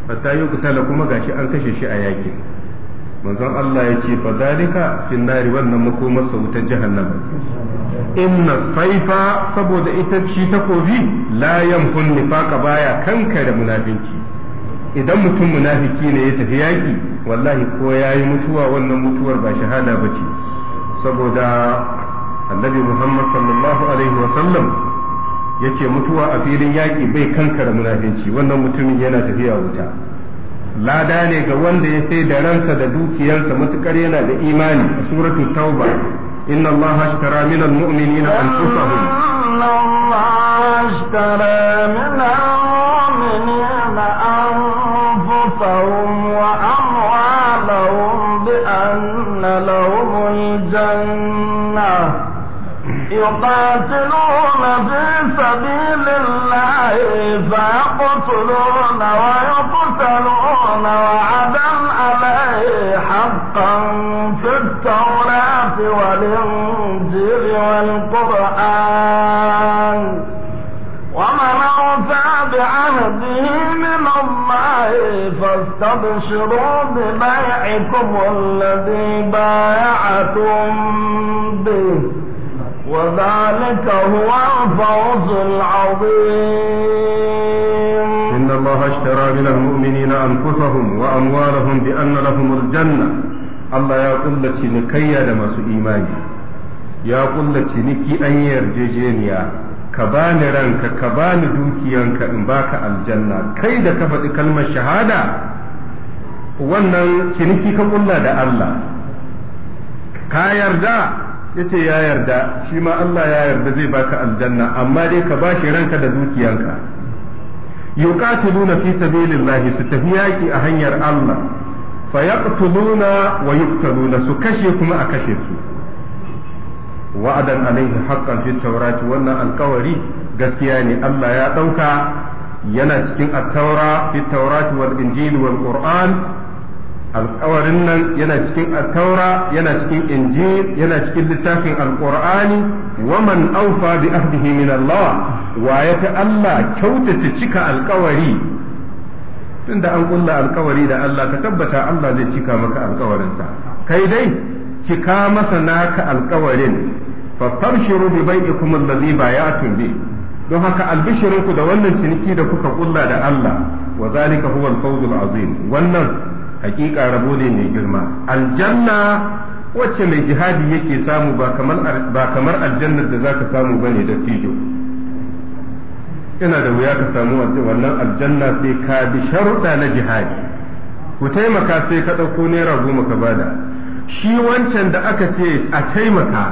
hatta yuqtala kuma gashi an kashe shi a yaƙin. manzon Allah ya ce fa dalika fin nari wannan makomar sa wutar jahannama inna faifa saboda ita ci takobi la yamkun nifaqa baya kankare munafinci idan mutum munafiki ne ya tafi yaki wallahi ko ya yi mutuwa wannan mutuwar ba shahada ba ce saboda annabi muhammad sallallahu alaihi wasallam ya ce mutuwa a filin yaki bai kankara munafinci wannan mutumin yana tafiya wuta lada ne ga wanda ya sai da ransa da dukiyarsa matukar yana da imani a suratul tauba إن الله اشترى من المؤمنين أنفسهم إن الله اشترى من المؤمنين يقاتلون في سبيل الله فيقتلون ويقتلون وعدا عليه حقا في التوراة والإنجيل والقرآن ومن أوفى بعهده من الله فاستبشروا ببيعكم الذي بايعتم ذلك هو الفوز العظيم إن الله اشترى من المؤمنين أنفسهم وأموالهم بأن لهم الجنة الله يقول لك نكيا لما إيماني ya kulla ciniki an yarjejeniya ka bani ranka ka bani dukiyanka in baka aljanna kai da ka faɗi shahada wannan ciniki ka kulla da Allah ka yarda yace ya yarda shi ma Allah ya yarda zai baka aljanna amma dai ka bashi ranka da dukiyanka yuqatiluna fi sabilillahi su tafi yaki a hanyar Allah fa yaqtuluna wa yuqtaluna su kashe kuma a kashe su wa'adan alaihi haqqan fi tawrati wannan alkawari gaskiya ne Allah ya dauka yana cikin at-taura fi tawrati wal wal qur'an alkawarin nan yana cikin attaura yana cikin injil yana cikin littafin Alƙur'ani. waman man bi ahdihi min Allah wa ya Allah kyautata cika alkawari tunda an kulla alkawari da Allah ka tabbata Allah zai cika maka alkawarinsa kai dai cika masa naka alkawarin fastabshiru bi bai'ikum alladhi bay'atum bi don haka albishirinku da wannan ciniki da kuka kulla da Allah wa zalika huwa al azim wannan hakika rabo ne mai girma aljanna wacce mai jihadi yake samu ba kamar aljannar da zaka samu bane da fijo yana da wuya ka samu wannan aljanna sai ka bi sharuɗa na jihadi ku taimaka sai ka ɗauko naira goma ka bada shi wancan da aka ce a taimaka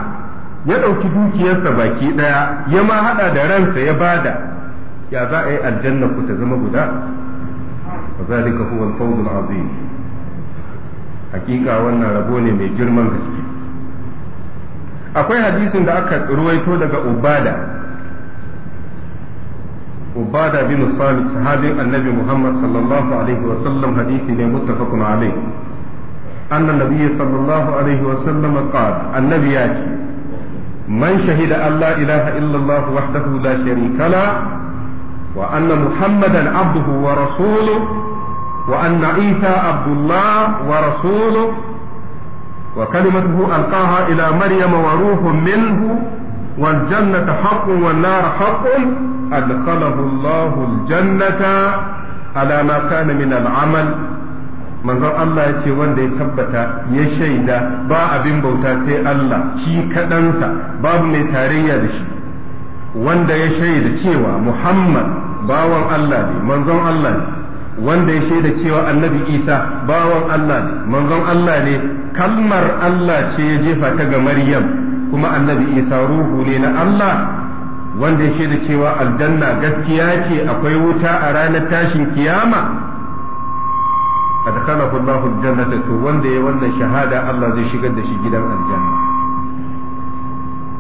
ya ɗauki dukiyarsa baki ɗaya ya ma haɗa da ransa ya bada ya za a yi aljanna ku ta zama guda وذلك هو الفوز العظيم hakika wannan rabo ne mai girman gaske akwai hadisin da aka ruwaito daga ubada ubada bin salih sahabin annabi muhammad sallallahu alaihi wa sallam hadisi ne muttafaqun alaihi anna nabiyyi sallallahu alaihi wa sallam qala annabi ya ce man shahida allah ilaha illallah wahdahu la sharika la wa anna muhammadan abduhu wa rasuluhu وأن عيسى عبد الله ورسوله وكلمته ألقاها إلى مريم وروح منه والجنة حق والنار حق أدخله الله الجنة على ما كان من العمل manzon Allah ya ce wanda ya tabbata ya shaida ba abin bauta sai Allah shi kaɗansa babu mai tarayya da shi wanda ya shaida cewa Muhammad bawan Allah ne manzon Allah ne wanda ya shaida cewa annabi isa bawan allah ne manzon allah ne kalmar allah ce ya jefa ta ga maryam kuma annabi isa ruhu ne na allah wanda ya shaida cewa aljanna gaskiya ce akwai wuta a ranar tashin kiyama adkhalahu allah aljannata to wanda ya wannan shahada allah zai shigar da shi gidan aljanna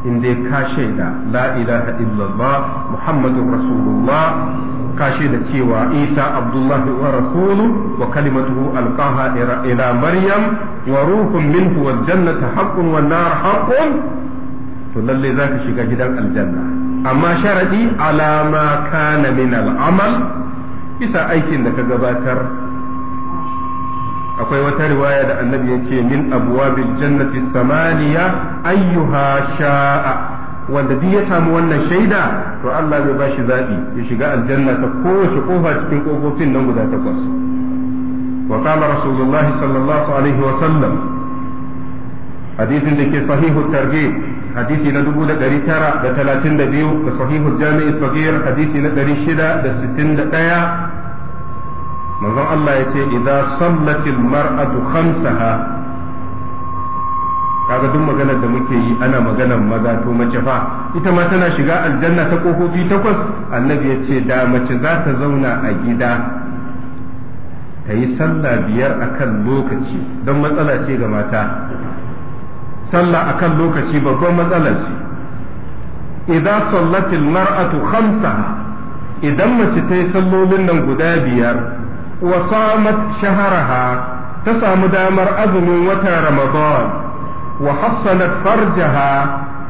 in dai ka shaida la ilaha illallah muhammadur rasulullah ka da cewa isa abdullahi wa rasulu wa kalimatuhu alqaha ila maryam wa ruhun minhu wal jannatu haqqun wan nar haqqun to lalle zaka shiga gidan aljanna amma sharadi ala ma kana min amal bisa aikin da ka gabatar akwai wata riwaya da annabi yake min abwabil jannati samaniya ayyuha sha'a wanda duk ya samu wannan shaida to Allah zai bashi zabi ya shiga aljanna ta kowace kofa cikin kofofin nan guda takwas wa qala rasulullahi sallallahu alaihi wa sallam hadisin da ke sahihu targhib hadisi na dubu da sahihu jami'i saghir hadisi na 661 manzon Allah ya ce idza sallatil mar'atu khamsaha kaga duk maganar da muke yi ana maganar maza to mace fa ita ma tana shiga aljanna ta kofofi takwas annabi ya ce da mace za ta zauna a gida ta yi sallah biyar akan lokaci don matsala ce ga mata sallah akan lokaci babban matsala ce idan sallatil mar'atu khamsa idan mace ta yi sallolin nan guda biyar wa samat shaharaha ta samu damar azumin wata ramadan wa hassalat farjaha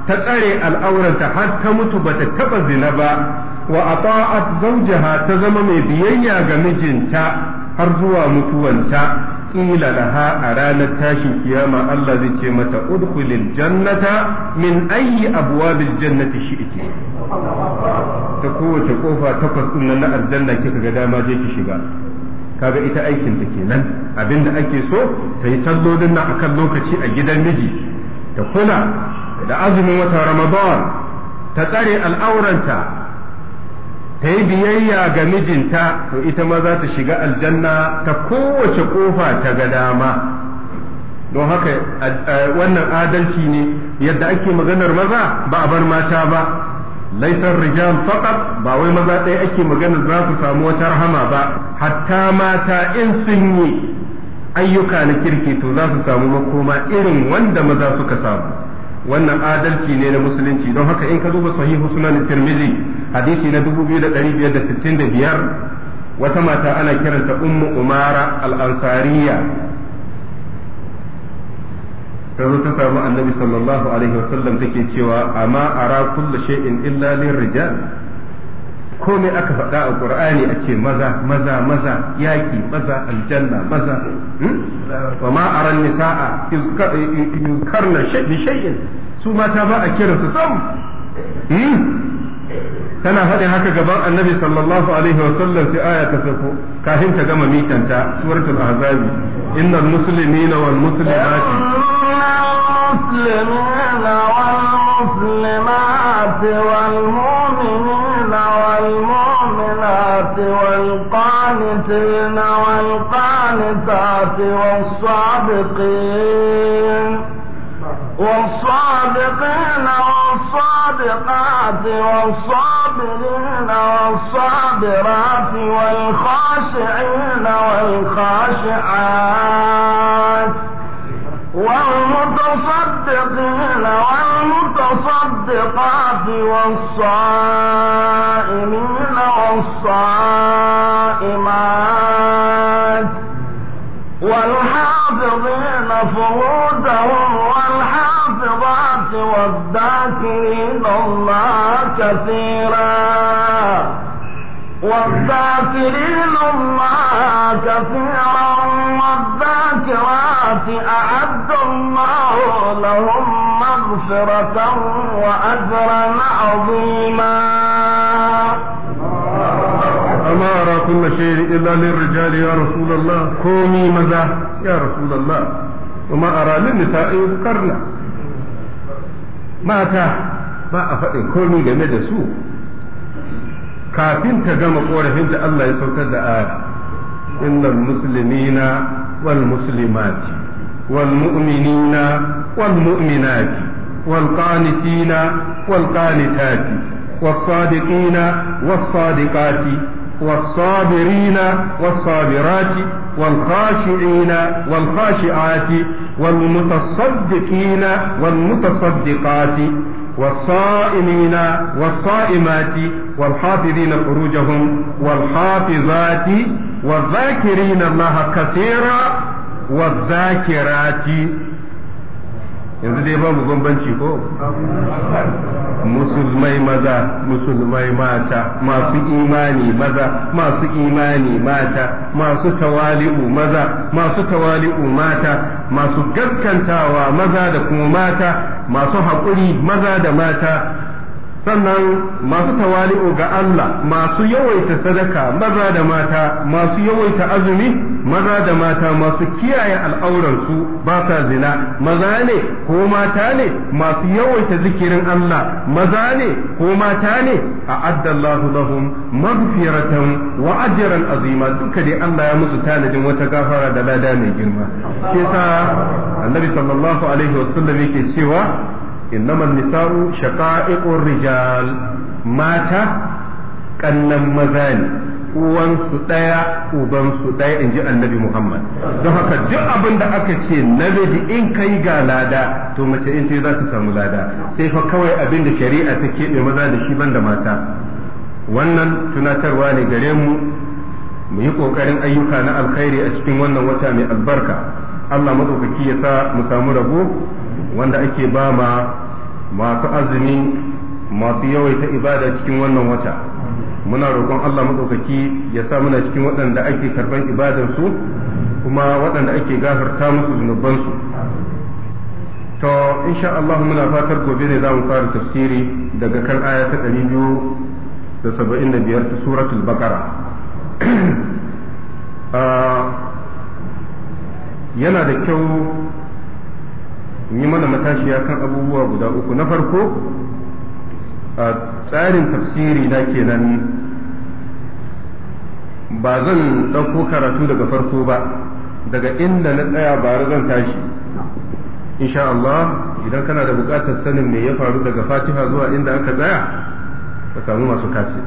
ta tsare al'auranta har ta mutu bata taɓa zina ba wa ata'at zawjaha ta zama mai biyayya ga mijinta har zuwa mutuwanta qila laha a ranar tashin kiyama Allah zai ce mata udkhulil jannata min ayyi abwabil jannati shi'ti ta kowace ƙofa takwas din na aljanna kika ga dama je ki shiga kaga ita aikin ta kenan abinda ake so ta yi sallolin nan akan lokaci a gidan miji ta kula da azumin wata ramadan ta tsare al'auranta ta yi biyayya ga mijinta to ita ma za ta shiga aljanna ta kowace kofa ta ga dama don haka wannan adalci ne yadda ake maganar maza ba a bar mata ba laisar rijal faqat ba wai maza ɗaya ake magana za su samu wata rahama ba hatta mata in sun yi ayyuka na kirki to za su samu makoma irin wanda maza suka samu wannan adalci ne na musulunci don haka in ka duba sahihu sunan tirmidhi hadisi na 2565 wata mata ana kiranta ummu umara al-ansariya ta zo ta samu annabi sallallahu alaihi wasallam take cewa amma ara kullu shay'in illa Ko me aka faɗa a qur'ani a ce maza maza maza yaki maza aljanna maza hmm? wa ma aran nisaa yuzkarna shay'in su mata ba a kira su sam hmm? tana faɗin haka gaban annabi sallallahu alaihi wa sallam sai aya ta sako kafin ta gama mitanta suratul ahzabi innal muslimina wal muslimati والمسلمين والمسلمات والمؤمنين والمؤمنات والقانتين والقانتات والصادقين والصادقين والصادقات والصابرين والصابرات والخاشعين والخاشعات والمؤمنين والمتصدقين والمتصدقات والصائمين والصائمات والحافظين فروجهم والحافظات والذاكرين الله كثيرا والذاكرين الله كثيرا الخيرات أعد الله لهم مغفرة وأجرا عظيما وما أرى كل شيء إلا للرجال يا رسول الله كوني مذا يا رسول الله وما أرى للنساء ذكرنا ماتا ما a كوني komi game كافين su kafin ta gama ƙorafin da Allah ya والمسلمات والمؤمنين والمؤمنات والقانتين والقانتات والصادقين والصادقات والصابرين والصابرات والخاشعين والخاشعات والمتصدقين والمتصدقات والصائمين والصائمات والحافظين فروجهم والحافظات والذاكرين الله كثيرا والذاكرات yanzu dai babu bambanci ko musulmai maza musulmai mata masu imani maza masu imani mata masu tawali'u maza masu tawali'u mata masu gaskantawa maza da kuma mata masu haƙuri maza da mata sannan masu tawali'u ga Allah masu yawaita sadaka maza da mata masu yawaita azumi maza da mata masu kiyaye al'auransu ba sa zina maza ne ko mata ne masu yawaita zikirin Allah maza ne ko mata ne a addallahu lahum maghfiratan wa ajran azima duka dai Allah ya musu tanadin wata gafara da lada mai girma sai sa annabi sallallahu alaihi wasallam yake cewa innama nisa'u shaqa'iqur rijal mata kannan maza ne uwansu ɗaya ubansu ɗaya in ji annabi muhammad don haka duk abin da aka ce namiji in kai ga lada to mace in za ta samu lada sai fa kawai abin da shari'a ta keɓe maza da shi banda mata wannan tunatarwa ne gare mu mu yi ƙoƙarin ayyuka na alkhairi a cikin wannan wata mai albarka Allah madaukaki ya sa mu samu rabo wanda ake ba ma masu azumi masu yawaita ibada cikin wannan wata muna roƙon Allah madaukaki ya sa muna cikin waɗanda ake karban ibadar su kuma waɗanda ake gafarta musu su to insha Allah muna fatar gobe ne za mu fara tafsiri daga kan aya ta ɗari biyu da ta suratul baqara ah, yana da kyau in yi mana matashiya kan abubuwa guda uku na farko a tsarin tafsiri na kenan ba zan ɗauko karatu daga farko ba daga inda na tsaya ba zan tashi insha Allah idan kana da buƙatar sanin me ya faru daga fatiha zuwa inda aka tsaya ka samu masu kace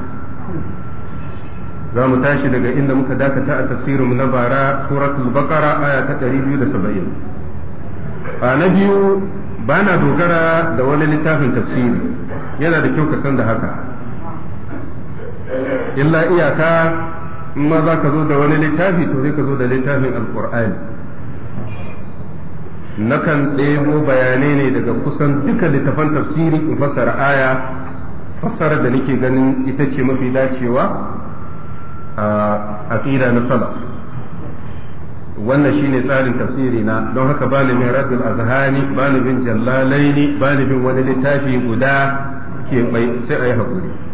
za mu tashi daga inda muka dakata a tafsirinmu na bara suratul baqara aya ta 270 a na biyu ba na dogara da wani littafin tafsiri yana da kyau ka san da haka illa iyaka in ma za ka zo da wani littafi to sai ka zo da littafin alkur'ani nakan ɗebo bayanai ne daga kusan duka littafan tafsiri in fassara aya fassarar da nake ganin ita ce mafi dacewa a aqida na sama wannan shine tsarin tafsiri na don haka bani min radul azhani balibin jallalaini bin wani littafi guda ke sai ayi hakuri